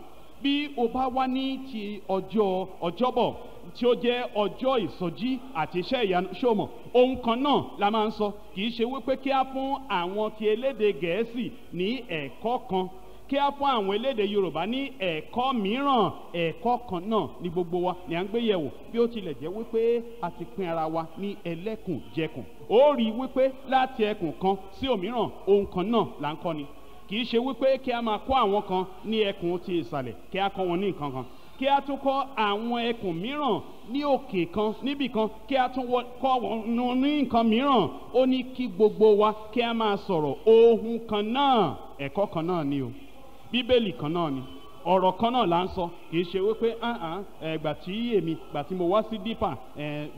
bí o bá wá ní ti ọjọ́ ọjọ́bọ̀ tí ó jẹ́ ọjọ́ ìsọjí àti iṣẹ́ ìyanu ṣòmọ̀ ohun kan náà la máa ń sọ kì í ṣe wípé kí á fún àwọn ti elédè gẹ̀ẹ́sì ní ẹ̀kọ́ kan kí á fún àwọn elédè yorùbá ní ẹ̀kọ́ mìíràn ẹ̀kọ́ kan náà ní gbogbo wa ni à ń gbé yẹ̀wò bí ó tilẹ̀ jẹ́ wípé a ti pín ara wa ní ẹlẹ́kùnjẹkùn ó rí wípé láti ẹkùn kan sí òmíràn ohun kan náà là ń kọ́ ni kì í ṣe wípé kí a máa kọ́ àwọn kan ní ẹkùn ti ìsàlẹ̀ kí a kọ́ wọn ní nǹkan kan kí a tún kọ́ àwọn ẹkùn mìíràn ní òkè kan níbì kan kí a tún kọ́ wọn ní nǹkan mìíràn ó ní kí gbogbo wa kí a máa sọ̀rọ̀ ohun kan náà ẹ̀kọ́ kan náà ni o bíbélì kan náà ni ọ̀rọ̀ kan náà là ń sọ kì í ṣe wípé ẹ̀gbà tí èmi gbà tí mo wá sí dípà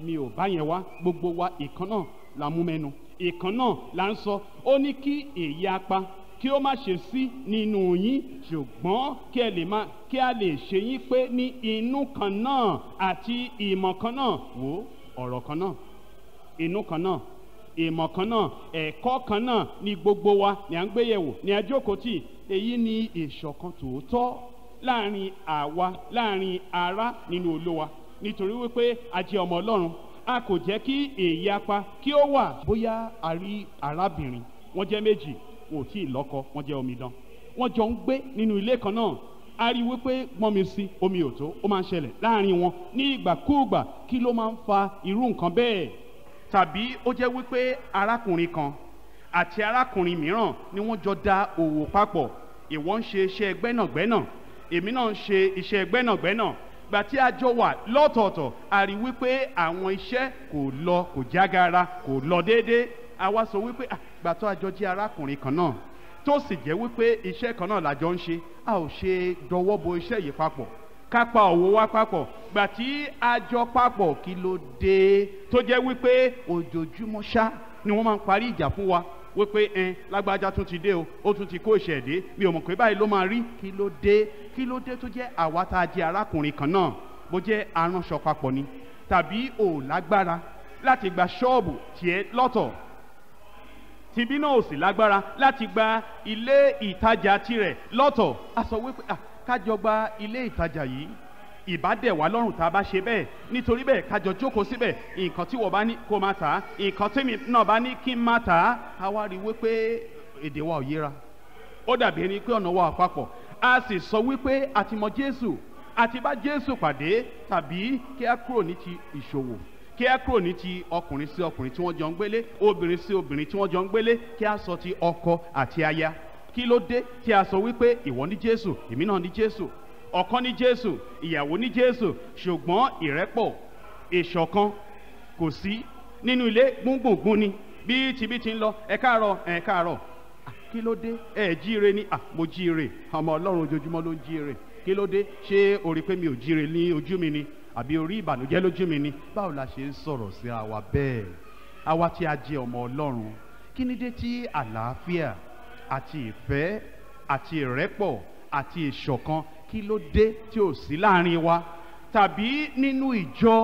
mi ò bá yẹn wá gbogbo wa ìkan náà la mú mẹ́nu ìkan náà là ń sọ ó ní kí èyí apá kí ó má ṣe sí nínú yín ṣùgbọ́n kí ẹ lè má kí a lè ṣe yín pé ní inú kan náà àti ìmọ̀ kan náà wò ọ̀rọ̀ kan náà inú kan náà ìmọ̀ kan náà ẹ̀kọ́ kan náà ni gbogbo wa ni à ń gbé yẹ̀wò ni a jókòó tì èyí ni ìṣọ̀kan tòótọ́ láàrin àwa láàrin ará nínú olówa nítorí wípé a jẹ́ ọmọ ọlọ́run a kò jẹ́ kí èyí apá kí ó wà bóyá a rí arábìnrin wọ́n jẹ́ méjì wọn ò wọ́n jẹ́ omidan wọ́n jọ ń gbé nínú ilé kan náà ariwo pé mọ́mi sí omi ò tó ó máa ń ṣẹlẹ̀ láàrin wọn ní ìgbàkúùgbà kí ló máa ń fa irú nǹkan bẹ́ẹ̀ tàbí ó jẹ́ wípé arákùnrin kan àti arákùnrin mìíràn ni wọ́n jọ da òwò papọ̀ ìwọ ń ṣe iṣẹ́ gbẹ́nàgbẹ́nà èmi náà ń ṣe iṣẹ́ gbẹ́nàgbẹ́nà gbà tí a jọ wà lọ́tọ̀ọ̀tọ̀ a rí àwọn iṣẹ́ kò lọ kò jágara kò lọ déédéé àwa sọ wípé ah, gbàtọ́ àjọ jẹ́ arákùnrin kan náà tó sì jẹ́ wípé iṣẹ́ kan náà làjọ ń ṣe a ò ṣe dọwọ́ bo iṣẹ́ yìí papọ̀ ká pa òwò wa papọ̀ gbà tí àjọ papọ̀ kí ló dé tó jẹ́ wípé ojoojúmọ́ ṣá ni wọ́n máa ń parí ìjà fún wa wípé ẹn lágbájá tún ti dé o ó tún ti kó ìṣẹ̀dé mi ò mọ̀ pé báyìí ló máa rí kí ló dé kí ló dé tó jẹ́ àwa tá a jẹ́ arákùnrin kan náà bó jẹ́ aránṣọ papọ̀ ni tàbí ò lágbára láti gba ṣọ́ọ̀bù tiẹ̀ lọ́tọ̀ tìbí náà ò sì lágbára láti gba ilé ìtajà tirẹ̀ lọ́tọ̀ a sọ wípé kájọ gba ilé ìtajà yìí ìbádẹ̀wá lọ́rùn tá a bá ṣe bẹ́ẹ̀ nítorí bẹ́ẹ̀ kájọ jókòó síbẹ̀ nǹkan tí wọ́n bá ní kó máa tà á nǹkan tí náà bá ní kí n máa tà á a wá rí i wípé èdè wa ò yéra ó dàbí ẹni pé ọ̀nà wa ò papọ̀ a sì sọ wípé a ti Jésù a Jésù pàdé tàbí kí a kúrò ní ti ìṣòwò kí ẹ kúrò ní ti ọkùnrin sí ọkùnrin tí wọ́n jọ ń gbélé obìnrin sí obìnrin tí wọ́n jọ ń gbélé kí a sọ ti ọkọ àti aya kí ló dé tí a sọ wípé ìwọ ní jésù èmi náà ní jésù ọkọ ní jésù ìyàwó ní jésù ṣùgbọ́n ìrẹ́pọ̀ ìṣọ̀kan kò sí nínú ilé gbúngbùngbùn ni bí tibí ti ń lọ ẹ káàárọ̀ ẹ káàárọ̀ kí ló dé ẹ jíire ni à mo jíire ọmọ ọlọ́run ojoojúmọ́ ló ń jíire kí ló dé ṣé o rí pé mi ò jíire ní ojú mi ni àbí orí ìbànújẹ́ lójú mi ni báwo la ṣe ń sọ̀rọ̀ síra wa bẹ́ẹ̀ àwa tí a jẹ́ ọmọ Ọlọ́run kí ni dé tí àlàáfíà àti ìfẹ́ àti ìrẹ́pọ̀ àti ìṣọ̀kan kí ló dé tí ò sí láàrin wa tàbí nínú ìjọ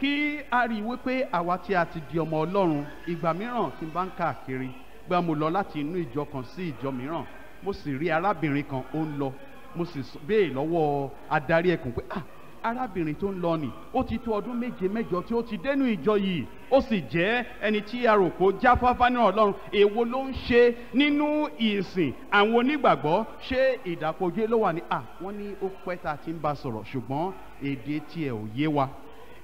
kí a rí i wípé àwa tí a ti di ọmọ Ọlọ́run ìgbà mìíràn tí n bá ń káàkiri gbà mo lọ láti inú ìjọ kan sí ìjọ mìíràn mo sì rí arábìnrin kan ó ń lọ mo sì béè lọ́wọ́ adarí ẹkùn pé ah arábìnrin tó ń lọ nì ó ti tó ọdún méje mẹ́jọ tí ó ti dénú ìjọ yìí ó sì jẹ́ ẹni tí a rò kó jáfáfá ní ọlọ́run èwo ló ń ṣe nínú ìsìn àwọn onígbàgbọ́ ṣé ìdàpọ̀jẹ́ ló wà ní à wọ́n ní ó pẹ́ tá a ti ń bá sọ̀rọ̀ ṣùgbọ́n èdè tiẹ̀ ò yé wa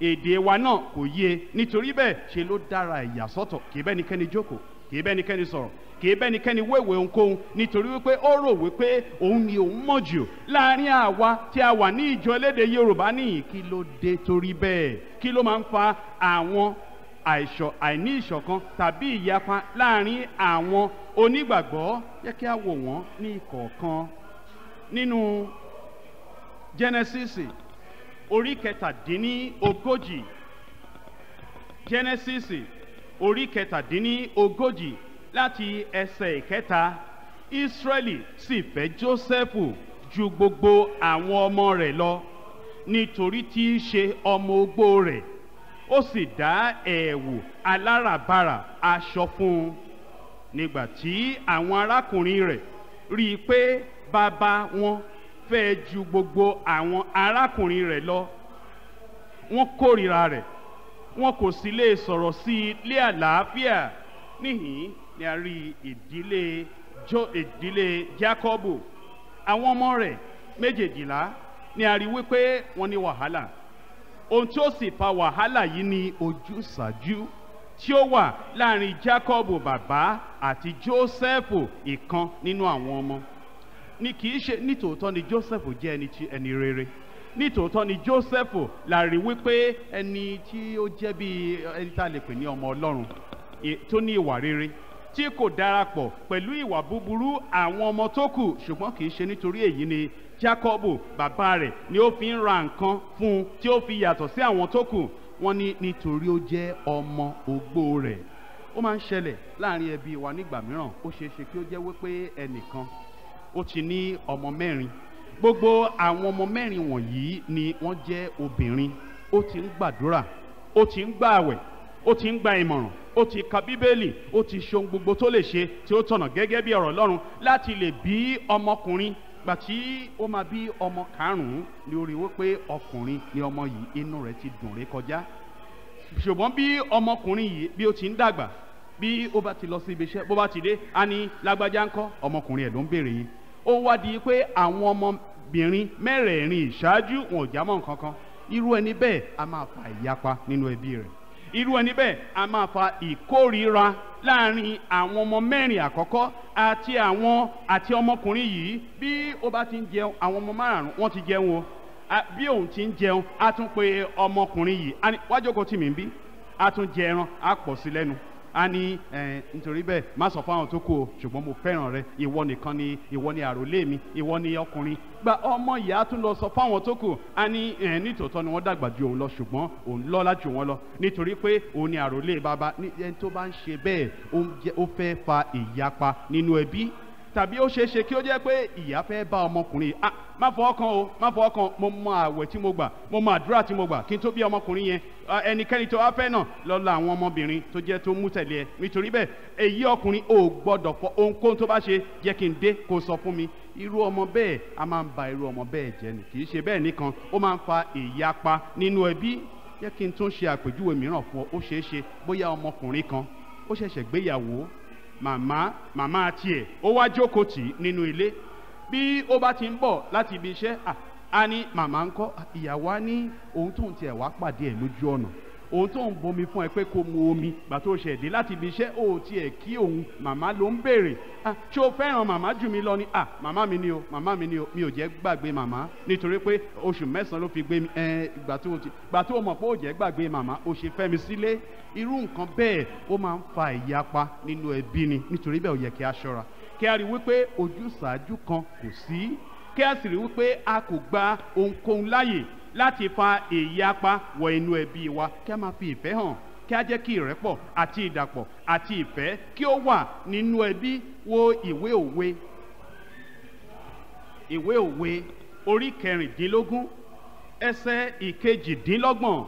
èdè wa náà kò yé nítorí bẹ́ẹ̀ ṣe ló dára ìyàsọ́tọ̀ kì í bẹ́ẹ̀ ni kẹ́ni jókòó kì í bẹ́nikẹ́ni sọ̀rọ̀ kì í bẹ́nikẹ́ni wéwèé ohunkóhun nítorí wípé ó rò wípé òun ni òun mọ̀ jù láàrin àwa tí a wà ní ìjọ elédè Yorùbá nìyí kí ló dé torí bẹ́ẹ̀ kí ló máa ń fa àwọn àìṣọ àìní ìṣọ̀kan tàbí ìyapa láàrin àwọn onígbàgbọ́ yẹ kí a wò wọ́n ní ìkọ̀ọ̀kan nínú Genesis orí kẹtàdínní ogójì Genesis orí kẹtàdínní ogójì láti ẹsẹ̀ ìkẹta Ísírẹ́lì sì fẹ́ Jósẹ́fù ju gbogbo àwọn ọmọ rẹ̀ lọ nítorí tí í ṣe ọmọ ogbó rẹ̀ ó sì dá ẹ̀wù aláràbarà aṣọ fún un nígbà tí àwọn arákùnrin rẹ̀ rí i pé bàbá wọn fẹ́ ju gbogbo àwọn arákùnrin rẹ̀ lọ wọ́n kórìíra rẹ̀ wọn kò sì lè sọ̀rọ̀ sí i lé àlàáfíà níhìn ni a rí ìdílé jo ìdílé Jákọ́bù àwọn ọmọ rẹ̀ méjèèjìlá ni a rí wípé wọ́n ní wàhálà ohun tí ó sì fa wàhálà yìí ni ojúsàájú tí ó wà láàrin Jákọ́bù bàbá àti Jósẹ́fù ìkan nínú àwọn ọmọ ni kì í ṣe nítòótọ́ ni Jósẹ́fù jẹ́ ẹni rere nítòótọ́ ni Joseph làrí wípé ẹni tí ó jẹ́ bí ẹni tá a lè pè ní ọmọ Ọlọ́run tó ní ìwà rere tí kò darapọ̀ pẹ̀lú ìwà búburú àwọn ọmọ tó kù ṣùgbọ́n kì í ṣe nítorí èyí ni Jacob bàbá rẹ̀ ni ó fi ń ra nǹkan fún un tí ó fi yàtọ̀ sí àwọn tó kù wọ́n ní nítorí ó jẹ́ ọmọ ogbó rẹ̀ ó máa ń ṣẹlẹ̀ láàrin ẹbí wa nígbà mìíràn ó ṣeé kí ó jẹ́ wípé ẹnìkan ó ti ní ọmọ mẹ́rin gbogbo àwọn ọmọ mẹ́rin wọ̀nyí ni wọ́n jẹ́ obìnrin ó ti ń gbàdúrà ó ti ń gbààwẹ̀ ó ti ń gba ìmọ̀ràn ó ti ka bíbélì ó ti ṣe ohun gbogbo tó lè ṣe tí ó tọ̀nà gẹ́gẹ́ bí ọ̀rọ̀ Ọlọ́run láti lè bí ọmọkùnrin gbà ó máa bí ọmọ karùn-ún ni ó rí wípé ọkùnrin ni ọmọ yìí inú rẹ̀ ti dùn ré kọjá ṣùgbọ́n bí ọmọkùnrin yìí bí ó ti ń dàgbà bí ó bá ti lọ sí ibi iṣẹ́ bó bá ti dé a ní lágbájá ńkọ́ ọmọkùnrin ẹ̀ ló ń béèrè yìí ó wá di pé àwọn ọmọbìnrin mẹ́rẹ̀ẹ̀rin ìṣáájú wọn ò jámọ́ nǹkan kan irú ẹni bẹ́ẹ̀ a máa fa ìyapa nínú ẹbí rẹ̀ irú ẹni bẹ́ẹ̀ a máa fa ìkórira láàrin àwọn ọmọ mẹ́rin àkọ́kọ́ àti àwọn àti ọmọkùnrin yìí bí ó bá ti ń jẹun àwọn ọmọ márùn wọ́n ti jẹun o bí òun ti ń jẹun a tún pe ọmọkùnrin yìí wájú kò tì mí bí a tún jẹ ẹran a pọ̀ sí lẹ́nu á ní nítorí bẹ́ẹ̀ má sọ fáwọn tó kù o ṣùgbọ́n mo fẹ́ràn rẹ ìwọ nìkan ni ìwọ ni àròlé mi ìwọ ni ọkùnrin gba ọmọ ìyá tún lọ sọ fáwọn tó kù á ní nítòótọ́ ni wọ́n dàgbà ju òun lọ ṣùgbọ́n òun lọ́lá ju wọn lọ nítorí pé òun ni àròlé bàbá ẹni tó bá ń ṣe bẹ́ẹ̀ ó fẹ́ fa ìyapa nínú ẹbí tàbí ó ṣeé ṣe kí ó jẹ́ pé ìyá fẹ́ bá ọmọkùnrin ah má fọ ọkàn o má fọ ọkàn mo mọ àwẹ̀ tí mo gbà mo mọ àdúrà tí mo gbà kí n tó bí ọmọkùnrin yẹn ah, ẹnikẹ́ni tó wá fẹ́ náà lọ la àwọn ọmọbìnrin tó jẹ́ tó mú tẹ̀lé ẹ nítorí bẹ́ẹ̀ èyí ọkùnrin ò gbọ́dọ̀ fọ ohunkóhun tó bá ṣe jẹ́ kí n dé kó sọ fún mi irú ọmọ bẹ́ẹ̀ a máa ń ba irú ọmọ bẹ́ẹ̀ jẹ́ ni kì í ṣe bẹ́ẹ̀ nìkan ó máa ń fa ìyapa nínú ẹbí jẹ́ kí n tún ṣe àpèjúwe mìíràn fún ọ ó ṣeé bóyá ọmọkùnrin kan ó ṣẹ̀ṣẹ̀ gbéyàwó màmá màmá tiẹ̀ ó wá jókòó tì í nínú ilé bí ó bá ti ń bọ̀ láti ibi iṣẹ́ à ní màmá ńkọ́ ìyàwó á ní ohun tóun tiẹ̀ wá pàdé ẹ̀ lójú ọ̀nà òun tó ń bomi fún ẹ pé kó mu omi gbà tó ṣe dé láti ibi iṣẹ́ ó tiẹ̀ kí òun màmá ló ń béèrè ṣé o fẹ́ràn màmá jù mí lọ ni ah màmá mi ni o màmá mi ni o mi ò jẹ́ gbàgbé màmá nítorí pé oṣù mẹ́sàn-án ló fi gbé mi ẹ gbà tó ti gbà tó mọ̀ pé ó jẹ́ gbàgbé màmá ó ṣe fẹ́ mi sílé irú nǹkan bẹ́ẹ̀ ó máa ń fa ìyapa nínú ẹbí ni nítorí bẹ́ẹ̀ ó yẹ kí a ṣọ́ra kí a rí wípé ojúṣàájú kan kò sí kí a sì rí wípé a kò gba ohunkóhun láyè láti fa ìyapa wọ inú ẹbí wa kí a máa fi ìfẹ́ hàn kí a jẹ́ kí ìrẹ́pọ̀ àti ìdàpọ̀ àti ìfẹ́ kí ó wà nínú ẹbí wo ìwé òwe ìwé òwe orí kẹrìndínlógún ẹsẹ̀ ìkejìdínlọ́gbọ̀n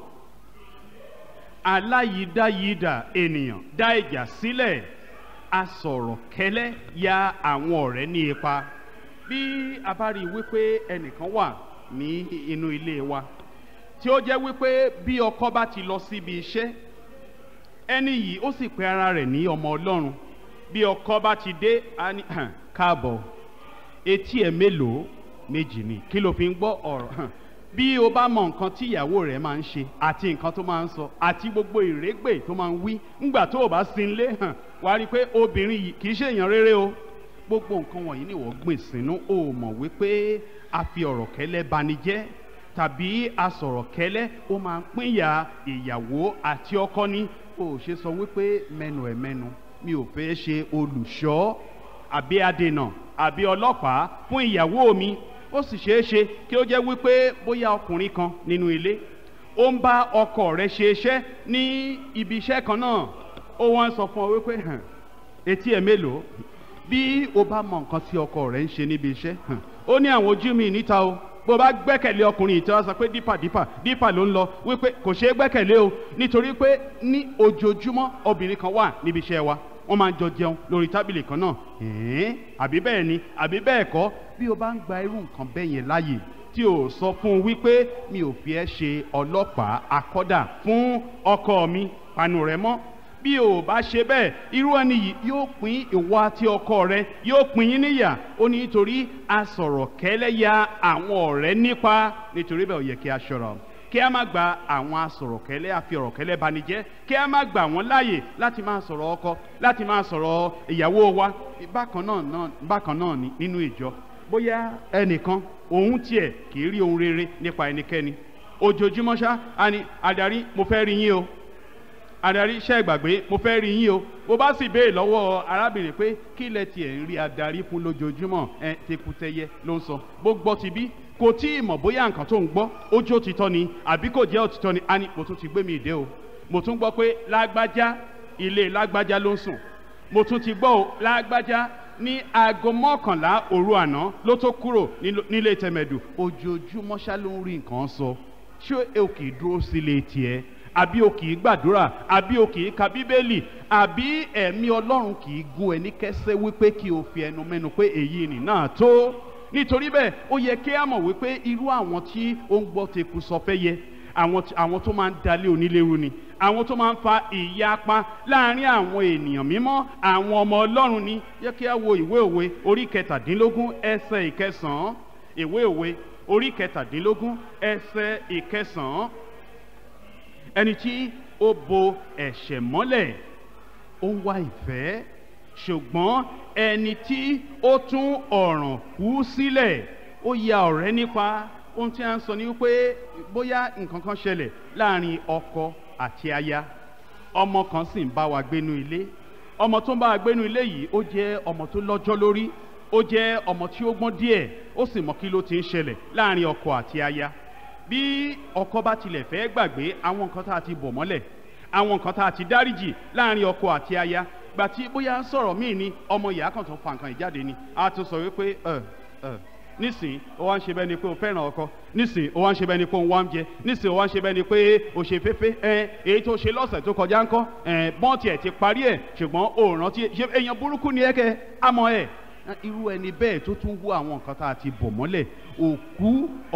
aláyídáyídà ènìyàn dá ìjà sílẹ̀ asọ̀rọ̀ ya àwọn ọ̀rẹ́ ní ipa bí a bá rí i wípé ẹnìkan wà ní inú ilé wa tí ó jẹ́ wípé bí ọkọ bá ti lọ síbi iṣẹ́ ẹni yìí ó sì pe ara rẹ̀ ní ọmọ ọlọ́run bí ọkọ bá ti dé káàbọ̀ etí ẹ̀ mélòó méjì ni kí ló fi ń gbọ́ ọ̀rọ̀ bí o bá mọ nǹkan tí ìyàwó rẹ̀ máa ń ṣe àti nǹkan tó máa ń sọ àti gbogbo ìrégbè tó máa ń wí ńgbà tó o bá sin lé hàn wá rí i pé obìnrin yìí kì í ṣèyàn rere o gbogbo nǹkan wọ̀nyí ni wọ́n gbìn sínú o mọ̀ wípé a fi ọ̀rọ̀ kẹ́lẹ́ bani jẹ́ tàbí asọ̀rọ̀ kẹ́lẹ́ ó máa ń pínyà ìyàwó àti ọkọ ni o ṣe sọ wípé mẹ́nu ẹ̀ mẹ́nu mi ò fẹ́ ṣe olùṣọ́ àbí adènà àbí ọlọ́pàá fún ìyàwó mi ó sì ṣeé ṣe kí ó jẹ́ wípé bóyá ọkùnrin kan nínú ilé ó ń bá ọkọ rẹ̀ ṣe iṣẹ́ ní ibi iṣẹ́ kan náà ó wọ́n sọ fún ọ wípé etí ẹ̀ mélòó bí o bá mọ nǹkan tí ọkọ rẹ ń ṣe níbi iṣẹ́ ó ní àwọn ojú mi níta o bó bá gbẹ́kẹ̀lé ọkùnrin ìtẹ́wá sọ pé dípà dípà dípà ló ń lọ wípé kò ṣeé gbẹ́kẹ̀lé o nítorí pé ní ojoojúmọ́ obìnrin kan wà níbi iṣẹ́ wa wọ́n máa ń jọ jẹun lórí tábìlì kan náà àbí bẹ́ẹ̀ ni àbí bẹ́ẹ̀ kọ́ bí o bá ń gba irú nǹkan bẹ́ẹ̀ yẹn láàyè tí o sọ fún un wípé mi ò fi ẹ́ ṣe ọlọ́pàá akọ́dà fún ọkọ mi panu rẹ mọ́ bí o bá ṣe bẹ́ẹ̀ irú ẹni yìí yóò pín ìwọ àti ọkọ rẹ yóò pín yín níyà ó ní nítorí a sọ̀rọ̀ kẹ́lẹ́ ya àwọn ọ̀rẹ́ nípa nítorí bẹ́ẹ̀ ó yẹ kí a ṣọ́ra kí a má gba àwọn asọ̀rọ̀kẹ́lẹ́ àfiọ̀rọ̀kẹ́lẹ́ banijẹ́ kí a má gba àwọn láàyè láti máa sọ̀rọ̀ ọkọ láti máa sọ̀rọ̀ ìyàwó wa bákan náà bákan náà nínú ìjọ bóyá ẹnìkan òun tiẹ̀ kì í rí ohun rere nípa ẹnikẹ́ni ojoojúmọ́ ṣá a ní mo fẹ́ rí yín o adarí iṣẹ́ ìgbàgbé mo fẹ́ rí yín o bó bá sì béè lọ́wọ́ arábìnrin pé kí lẹ tiẹ̀ ń rí adarí fún lójoojúmọ́ ẹ tekutẹyẹ ló ń sọ bó gbọ́ ti bí kò tí ì mọ̀ bóyá nǹkan tó ń gbọ́ ó jó òtítọ́ ni àbí kò jẹ́ òtítọ́ ni a ní mo tún ti gbé mi ìdè o mo tún gbọ́ pé lágbájá ilé lágbájá ló ń sùn mo tún ti gbọ́ o lágbájá ní aago mọ́kànlá òru àná ló tó kúrò nílé tẹ̀mẹ̀dù ojoojúmọ́ ṣá ló ń rí nǹkan sọ ṣé o dúró sílé tiẹ̀ àbí o kì í gbàdúrà àbí o kì í ka bíbélì àbí ẹ̀mí ọlọ́run kì í gún ẹni kẹsẹ́ wípé kí o fi ẹnu mẹ́nu pé èyí nì náà tó nítorí bẹ́ẹ̀ ó yẹ kí a mọ̀ wípé irú àwọn tí ó ń gbọ́ teku sọ yẹ àwọn tó máa ń dalé onílérú ni àwọn tó máa ń fa ìyapa láàrin àwọn ènìyàn mímọ́ àwọn ọmọ ọlọ́run ni yẹ kí a wo ìwé òwe orí kẹtàdínlógún ẹsẹ̀ ìkẹsàn-án ìwé òwe orí kẹtàdínlógún ẹsẹ̀ ìkẹsàn-án ẹni tí ó bo ẹ̀ṣẹ̀ mọ́lẹ̀ ó wá ìfẹ́ ṣùgbọ́n ẹni tí ó tún ọ̀ràn wú sílẹ̀ ó ya ọ̀rẹ́ nípa ohun tí a ń sọ ni wípé bóyá nǹkan kan ṣẹlẹ̀ láàrin ọkọ àti aya ọmọ kan sì ń bá wa gbénu ilé ọmọ tó ń bá wa gbénu ilé yìí ó jẹ́ ọmọ tó lọ́jọ́ lórí ó jẹ́ ọmọ tí ó gbọ́n díẹ̀ ó sì mọ kí ló ti ń ṣẹlẹ̀ láàrin ọkọ àti aya bí ọkọ bá tilẹ̀ fẹ́ gbàgbé àwọn nǹkan tá a ti bọ̀ mọ́lẹ̀ àwọn nǹkan tá a ti dáríjì láàrin ọkọ àti aya gbà tí bóyá ń sọ̀rọ̀ míì ni ọmọ ìyá kan tó fa nǹkan ìjáde ni a tún sọ wípé ẹ ẹ nísìn ó wá ń ṣe bẹ́ẹ̀ pé o fẹ́ràn ọkọ nísìn ó wá ń ṣe bẹ́ẹ̀ pé o wá ń jẹ nísìn ó wá ń ṣe bẹ́ẹ̀ pé o ṣe pépé ẹ èyí tó ṣe lọ́sẹ̀ tó kọjá ńkọ́ ẹ bọ́ǹtì ẹ̀ ti parí ẹ̀ ṣùgbọ́n òòràn tí èèyàn burúkú ni ẹ kẹ́ àmọ́ ẹ̀ irú ẹni bẹ́ẹ̀ tó tún hu àwọn nǹkan tá a ti bọ̀ mọ́lẹ̀ òkú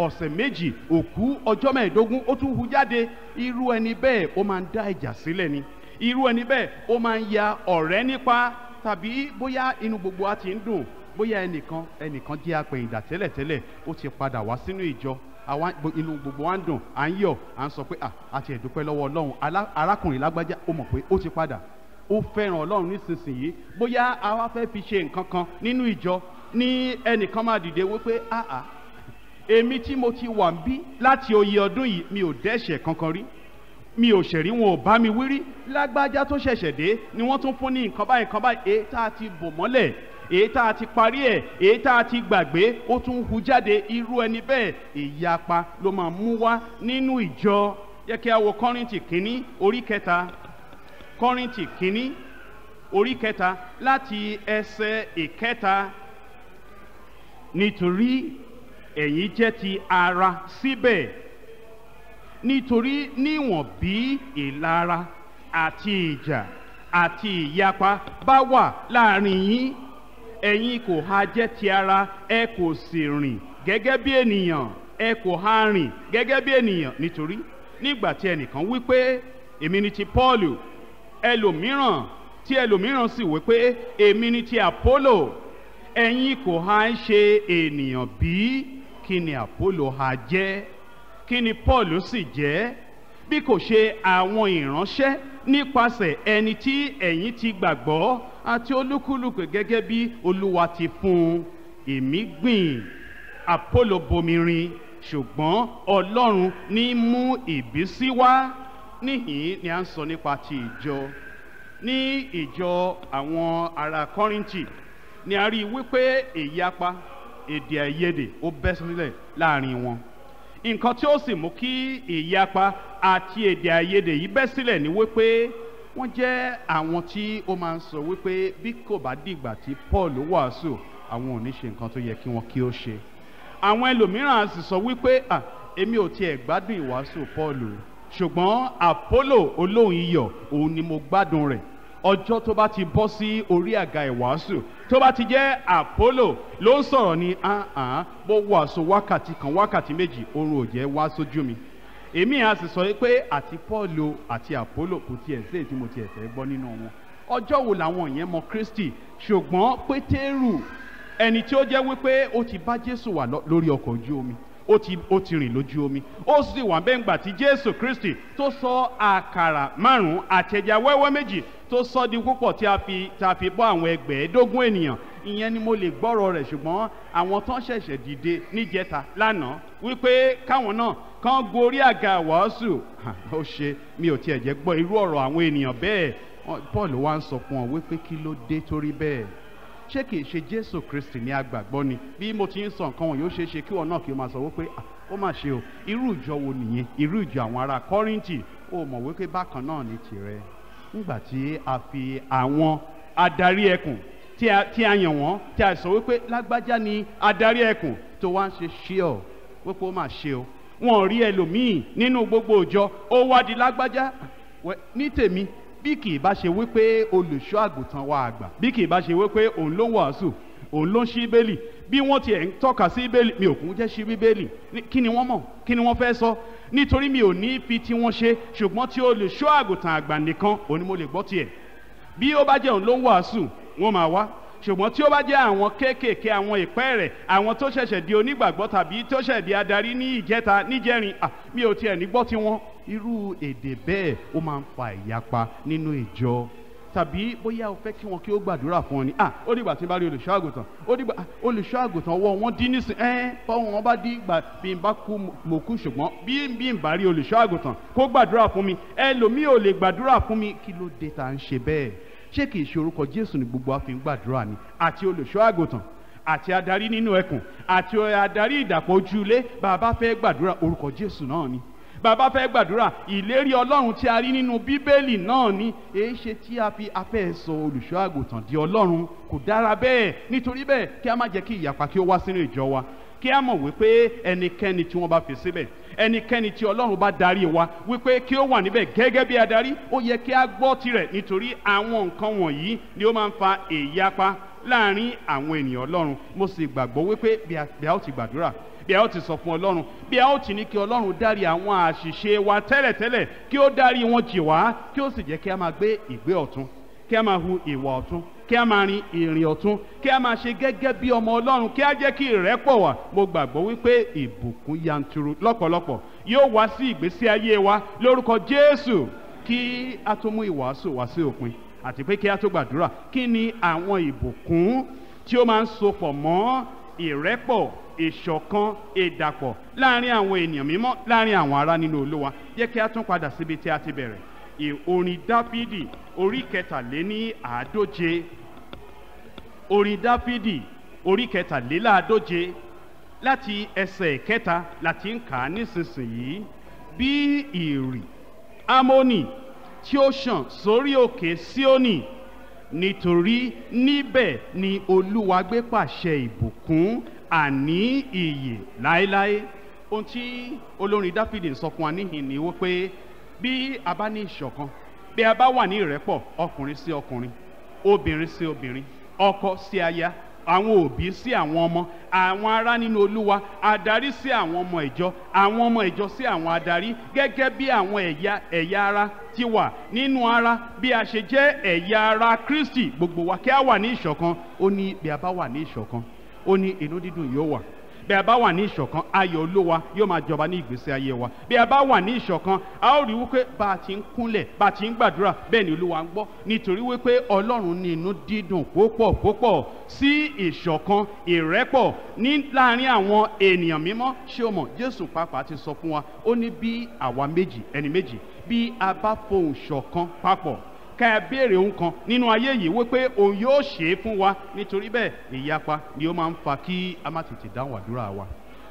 ọ̀sẹ̀ méjì òkú ọjọ́ mẹ́ẹ̀ẹ́dógún ó tún hu jáde irú ẹni bẹ́ẹ̀ ó máa ń dá ìjà sílẹ̀ ni irú ẹni bẹ́ẹ̀ ó máa ń ya ọ̀rẹ́ nípa tàbí bóyá inú gbogbo wa ti ń dùn bóyá ẹnìkan ẹnìkan jẹ́ apẹ̀yìndà tẹ́lẹ̀tẹ́lẹ̀ ó ti padà wá sínú ìjọ àwa inú gbogbo wa ń dùn à ń yọ̀ à ń sọ pé àti ẹ̀dúpẹ́ lọ́wọ́ Ọlọ́run arákùnrin lágbájá ó mọ̀ pé ó ti padà ó fẹ́ràn ọlọ́run nísinsìnyí bóyá a wá fẹ́ fi ṣe nǹkan kan nínú ìjọ ní ẹnìkan máa dìde wípé àà èmi tí mo ti wà ń bí láti oyè ọdún yìí mi ò dẹ́ṣẹ̀ kankan rí mi ò ṣẹ̀rí wọn ò bá mi wírí lágbájá tó ṣẹ̀ṣẹ̀ dé ni wọ́n tún fún ní nǹkan báyìí nǹkan báyìí èyí tá a ti bò mọ́lẹ̀ èyí tá a ti parí ẹ̀ èyí tá a ti gbàgbé ó tún hu jáde irú ẹni bẹ́ẹ̀ ìyapa ló máa mú wá nínú ìjọ yẹ kí a wo Kọ́ríńtì kínní orí kẹta kọ́rìntì kínní orí kẹta láti ẹsẹ̀ ìkẹta nítorí ẹ̀yin jẹ́ ti ara síbẹ̀ nítorí níwọ̀n bí ìlara àti ìjà àti ìyapa bá wà láàrin yín ẹ̀yin kò ha jẹ́ ti ara ẹ kò sì rìn gẹ́gẹ́ bí ènìyàn ẹ kò ha rìn gẹ́gẹ́ bí ènìyàn nítorí nígbà tí ẹnìkan wí pé èmi ni ti Pọ́ọ̀lù ẹlòmíràn tí ẹlòmíràn sì wí pé èmi ni ti Apollo ẹ̀yin kò ha ń ṣe ènìyàn bí kí ni Apollo ha jẹ́ kí ni Paul sì jẹ́ bí kò ṣe àwọn ìránṣẹ́ nípasẹ̀ ẹni tí ẹ̀yin ti gbàgbọ́ àti olúkúlùkù gẹ́gẹ́ bí olúwa ti fún èmi gbìn Apollo bomirin ṣùgbọ́n ọlọ́run ní mú ìbísí wá níhìn ni a ń sọ nípa ti ìjọ ní ìjọ àwọn ará kọ́rìntì ni a rí i wípé ìyapa èdè àìyedè ó bẹ́ sílẹ̀ láàrin wọn nǹkan tí ó sì mú kí ìyapa àti èdè àìyedè yìí bẹ́ sílẹ̀ ni wípé wọ́n jẹ́ àwọn tí ó máa ń sọ wípé bí kò bá dìgbà tí Paul wàásù àwọn ò ní ṣe nǹkan tó yẹ kí wọ́n kí ó ṣe àwọn ẹlòmíràn sì sọ wípé èmi ò tiẹ̀ gbádùn ìwàásù Paul o ṣùgbọ́n Apollo olóhùn iyọ̀ òun ni mo gbádùn rẹ̀ ọjọ́ tó bá ti bọ́ sí orí àga ìwàásù tó bá ti jẹ́ Apollo ló ń sọ̀rọ̀ ní ahàn bó wàásù wákàtí kan wákàtí méjì oorun ò jẹ́ wá sójú mi èmi à sì sọ pé àti Paul àti Apollo kò tiẹ̀ sí èyí tí mo tiẹ̀ fẹ́ gbọ́ nínú wọn ọjọ́ wo làwọn yẹn mọ Kristi ṣùgbọ́n Pétérù ẹni tí ó jẹ́ wípé ó ti bá Jésù wà lórí ọkọ̀ ojú omi ó ti ó ti rìn lójú omi ó sì wà bẹ́ẹ̀ ńgbà tí jésù kristi tó sọ àkàrà márùn-ún àtẹja wẹ́wẹ́ méjì tó sọ di púpọ̀ tí a fi tí a fi bọ́ àwọn ẹgbẹ̀ẹ́dógún ènìyàn ìyẹn ni mo lè gbọ́rọ̀ rẹ̀ ṣùgbọ́n àwọn tán ṣẹ̀ṣẹ̀ dìde níjẹta lánàá wípé káwọn náà kán gorí àga wàásù [laughs] ó ṣe mi ò tiẹ̀ jẹ́ gbọ́ irú ọ̀rọ̀ àwọn ènìyàn bẹ́ẹ̀ paul wá ń sọ fún ọ wípé kí ló dé torí bẹ́ẹ̀ ṣé kìí ṣe jésù kristi ní agbàgbọ́ ni bí mo ti ń sọ nǹkan wọn yóò ṣe é ṣe kí wọn náà kí o máa sọ wípé ó mà ṣe o irú ìjọ wo nìyẹn irú ìjọ àwọn ará kọ́rìntì ó mọ̀ wípé bákan náà ní tirẹ̀ nígbà tí a fi àwọn adarí ẹkùn tí a yàn wọ́n tí a sọ wípé lágbájá ni adarí ẹkùn tó wá ń ṣe ṣíọ wípé ó mà ṣe o wọn ò rí ẹlòmíì nínú gbogbo ìjọ ó wá di lágbájá ní tèmi bí kì í bá ṣe wípé olùṣọ́ àgùntàn wa àgbà bí kì í bá ṣe wípé òun ló ń wàásù òun ló ń ṣí bẹ́lì bí wọ́n tiẹ̀ ń tọ́ka sí bẹ́lì mi ò kún jẹ́ ṣí bíbélì kí ni wọ́n mọ̀ kí ni wọ́n fẹ́ sọ nítorí mi ò ní fi tí wọ́n ṣe ṣùgbọ́n tí olùṣọ́ àgùntàn àgbà nìkan òun ni mo lè gbọ́ tiẹ̀ bí ó bá jẹ́ òun ló ń wàásù wọ́n máa wá ṣùgbọ́n tí ó bá jẹ́ àwọn kéékèèké àwọn ìpẹ́ rẹ̀ àwọn tó ṣẹ̀ṣẹ̀ di onígbàgbọ́ tàbí tó ṣẹ̀ di adarí ní ìjẹta níjẹrin mi ò tiẹ̀ ní gbọ́ tiwọn irú èdè bẹ́ẹ̀ ó máa ń fa ìyapa nínú ìjọ tàbí bóyá o fẹ́ kí wọn kí ó gbàdúrà fún ọ ni ah ó dìgbà tí n bá rí olùṣọ́ àgùntàn ó dìgbà olùṣọ́ àgùntàn ọwọ́ wọn dín nísìn ẹ́ fọwọ́ wọn bá dín ìgbà bí n bá kú mo kú ṣùgbọ́n bí bí n bá rí olùṣọ́ àgùntàn kó gbàdúrà fún mi ẹlòmíì ò lè gbàdúrà fún mi kí ló dé tá ń ṣe bẹ́ẹ̀ ṣé kìí ṣe orúkọ Jésù ni gbogbo àfi ń gbàdúrà ni àti olùṣọ́ àgùntàn àti adarí nínú ẹkùn àti adarí ìdàpọ̀ ojúlé bàbá fẹ́ gbàdúrà orúkọ Jésù náà ni bàbá fẹ́ gbàdúrà ìlérí ọlọ́run tí a rí nínú bíbélì náà ni èé ṣe tí a fi afẹ́ sọ olùṣọ́ àgùntàn di ọlọ́run kò dára bẹ́ẹ̀ nítorí bẹ́ẹ̀ kí a má jẹ́ kí ìyapa kí ó wá sínú ìjọ wa kí a mọ̀ wípé ẹnikẹ́ni tí wọ́n bá fi síbẹ̀ ẹnikẹ́ni tí ọlọ́run bá darí wa wípé kí ó wà níbẹ̀ gẹ́gẹ́ bí adarí ó yẹ kí a gbọ́ tirẹ̀ nítorí àwọn nǹkan wọ̀nyí ni ó máa ń fa èyapa láàrin àwọn ènìyàn ọlọ́run mo sì gbàgbọ́ wípé bí a ó ti gbàdúrà bí a ó ti sọ fún ọlọ́run bí a ó ti ní kí ọlọ́run dárí àwọn àṣìṣe wa tẹ́lẹ̀tẹ́lẹ̀ kí ó dárí wọn jì wá kí ó sì jẹ́ kí a máa gbé ìgbé ọ̀tún kí a máa hu ìwà ọ̀tún kí a máa rin ìrìn ọ̀tún kí a máa ṣe gẹ́gẹ́ bí ọmọ ọlọ́run kí a jẹ́ kí ìrẹ́pọ̀ wà mo gbàgbọ́ wípé ìbùkún yanturu lọ́pọ̀lọpọ̀ yóò wá sí ìgbésí ayé wa lórúkọ jésù kí a tó mú ìwàásù wá sí òpin àti pé kí a tó gbàdúrà kí ni àwọn ìbùkún tí ó máa ń sopọ̀ mọ́ ìrẹ́pọ̀ ìṣọ̀kan ìdàpọ̀ láàrin àwọn ènìyàn mímọ́ láàrin àwọn ará nínú olúwa yẹ kí a tún padà síbi tí a ti bẹ̀rẹ̀ orin dáfídì orí kẹtàléní àádóje orin dáfídì orí kẹtàléláàádóje láti ẹsẹ̀ kẹta láti ń kà á nísinsìnyí bí ìrì amóni tí ó sàn sórí òkè síónì nítorí níbẹ̀ ni olúwa gbé pàṣẹ ìbùkún àní ìyè láéláé ohun tí olórin dáfídì ń sọ fún wa níhìn ni wípé bí a bá ní ìṣọ̀kan bí a bá wà ní ìrẹ́pọ̀ ọkùnrin sí ọkùnrin obìnrin sí obìnrin ọkọ sí aya àwọn òbí sí àwọn ọmọ àwọn ará nínú olúwa adarí sí àwọn ọmọ ìjọ àwọn ọmọ ìjọ sí àwọn adarí gẹ́gẹ́ bí àwọn ẹ̀yà ẹ̀yà ara ti wà nínú ara bí a ṣe jẹ́ ẹ̀yà ara Kristi gbogbo wa kí a wà ní ìṣọ̀kan ó ní bí a bá wà ní ìṣọ̀kan ó ní inú dídùn yóò wà bí a bá wà ní ìṣọ̀kan ayọ̀ olówa yóò máa jọba ní ìgbésí ayé wa bí a bá wà ní ìṣọ̀kan a ó rí wípé bá a ti ń kúnlẹ̀ bá a ti ń gbàdúrà bẹ́ẹ̀ ni olúwa ń gbọ́ nítorí wípé ọlọ́run ní inú dídùn púpọ̀ púpọ̀ sí ìṣọ̀kan ìrẹ́pọ̀ ní láàrin àwọn ènìyàn mímọ́ ṣé o mọ̀ jésù pàápàá ti sọ fún wa ó ní bí àwa méjì ẹni méjì bí a bá fohùn ṣọ̀kan papọ̀ ká ẹ béèrè ohun kan nínú ayé yìí wípé òun yóò ṣe é fún wa nítorí bẹ́ẹ̀ ìyapa ni ó máa ń fa kí a má tètè dáhùn àdúrà wa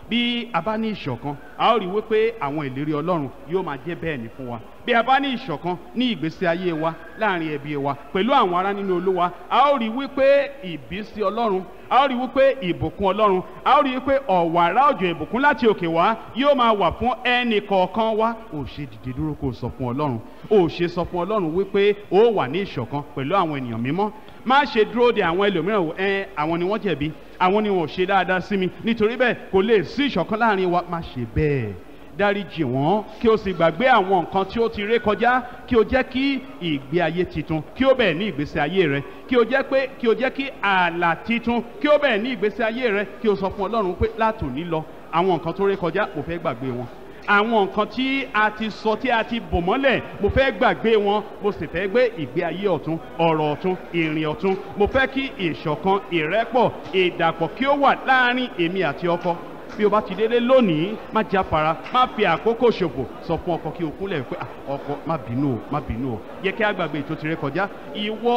bí a bá ní ìṣọ̀kan a ó rí wípé àwọn ìlérí ọlọ́run yóò máa jẹ́ bẹ́ẹ̀ ni fún wa bí a bá ní ìṣọ̀kan ní ìgbésí ayé wa láàrin ẹbí wa pẹ̀lú àwọn ará nínú olúwa a ó rí wípé ìbísí ọlọ́run a ó rí wípé ìbùkún ọlọ́run a ó rí wípé ọ̀wàrà òjò ìbùkún láti òkè wá yóò máa wà fún ẹnì kọ̀ọ̀kan wa ò ṣe dìde dúró kó sọ fún ọlọ́run ò ṣe sọ fún ọlọ́run wípé ó wà ní ìṣọ̀kan pẹ̀lú àwọn ènìyàn mímọ́ má ṣe dúró de àwọn ẹlòmíràn ẹ àwọn ni wọ́n jẹ̀bi àwọn ni wọ́n ṣe dáadáa sí mi nítorí bẹ́ẹ̀ kò lè sí ìṣọ̀kan láàrin wa má ṣe bẹ́ẹ̀ dáríjì wọ́n kí o sì gbàgbé àwọn nǹkan tí o ti ré kọjá kí o jẹ́ kí ìgbé ayé titun kí o bẹ̀ẹ̀ ní ìgbésí ayé rẹ kí o jẹ́ pé kí o jẹ́ kí ààlà titun kí o bẹ̀ẹ̀ ní ìgbésí ayé rẹ kí o sọ fún Ọlọ́run pé látòní lọ àwọn nǹkan tó ré kọjá mo fẹ́ gbàgbé wọn àwọn nǹkan tí a ti sọ tí a ti bò mọ́lẹ̀ mo fẹ́ gbàgbé wọn mo sì fẹ́ gbé ìgbé ayé ọ̀tun ọ̀rọ̀ ọ̀tun ìrìn ọ̀tun mo fẹ́ kí ìṣọ̀kan ìrẹ́pọ̀ ìdàpọ̀ kí ó wà láàárín èmi àti ọkọ bí o bá ti délé lónìí má jẹ́ àpárá má fi àkókò ṣòfò sọ fún ọkọ kí o kúnlẹ̀ pé ọkọ má bínú o má bínú o yẹ kí àgbàgbé ètò ti rẹ kọjá ìwọ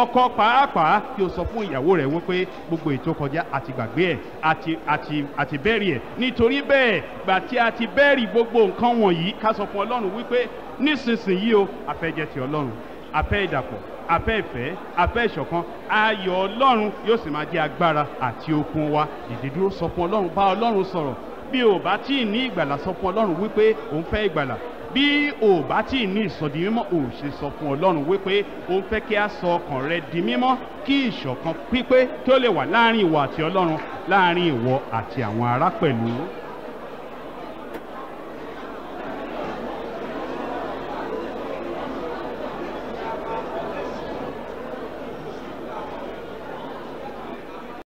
ọkọ pàápàá kí o sọ fún ìyàwó rẹ wípé gbogbo ètò kọjá àti gbàgbé ẹ àti àti àti bẹ́ẹ̀rì ẹ nítorí bẹ́ẹ̀ gbà tí a ti bẹ́ẹ̀rì gbogbo nǹkan wọ̀nyí ká sọ fún ọlọ́run wípé nísinsìnyí o àfẹ́jẹ ti ọlọ́run àfẹ́ ìdàpọ̀ afẹ́ ìfẹ́ afẹ́ ìṣọ̀kan ayọ̀ ọlọ́run yóò sì máa jẹ́ agbára àti okun wa dìde dúró sọ fún ọlọ́run bá ọlọ́run sọ̀rọ̀ bí o bá tí ì ní ìgbàlà sọ fún ọlọ́run wípé òun fẹ́ ìgbàlà bí o bá tí ì ní ìsọdi mímọ́ o ṣe sọ fún ọlọ́run wípé òun fẹ́ kí a sọ ọkàn rẹ di mímọ́ kí ìṣọ̀kan pípé tó lè wà láàrin ìwọ àti ọlọ́run láàrin ìwọ àti àwọn ará pẹ̀lú.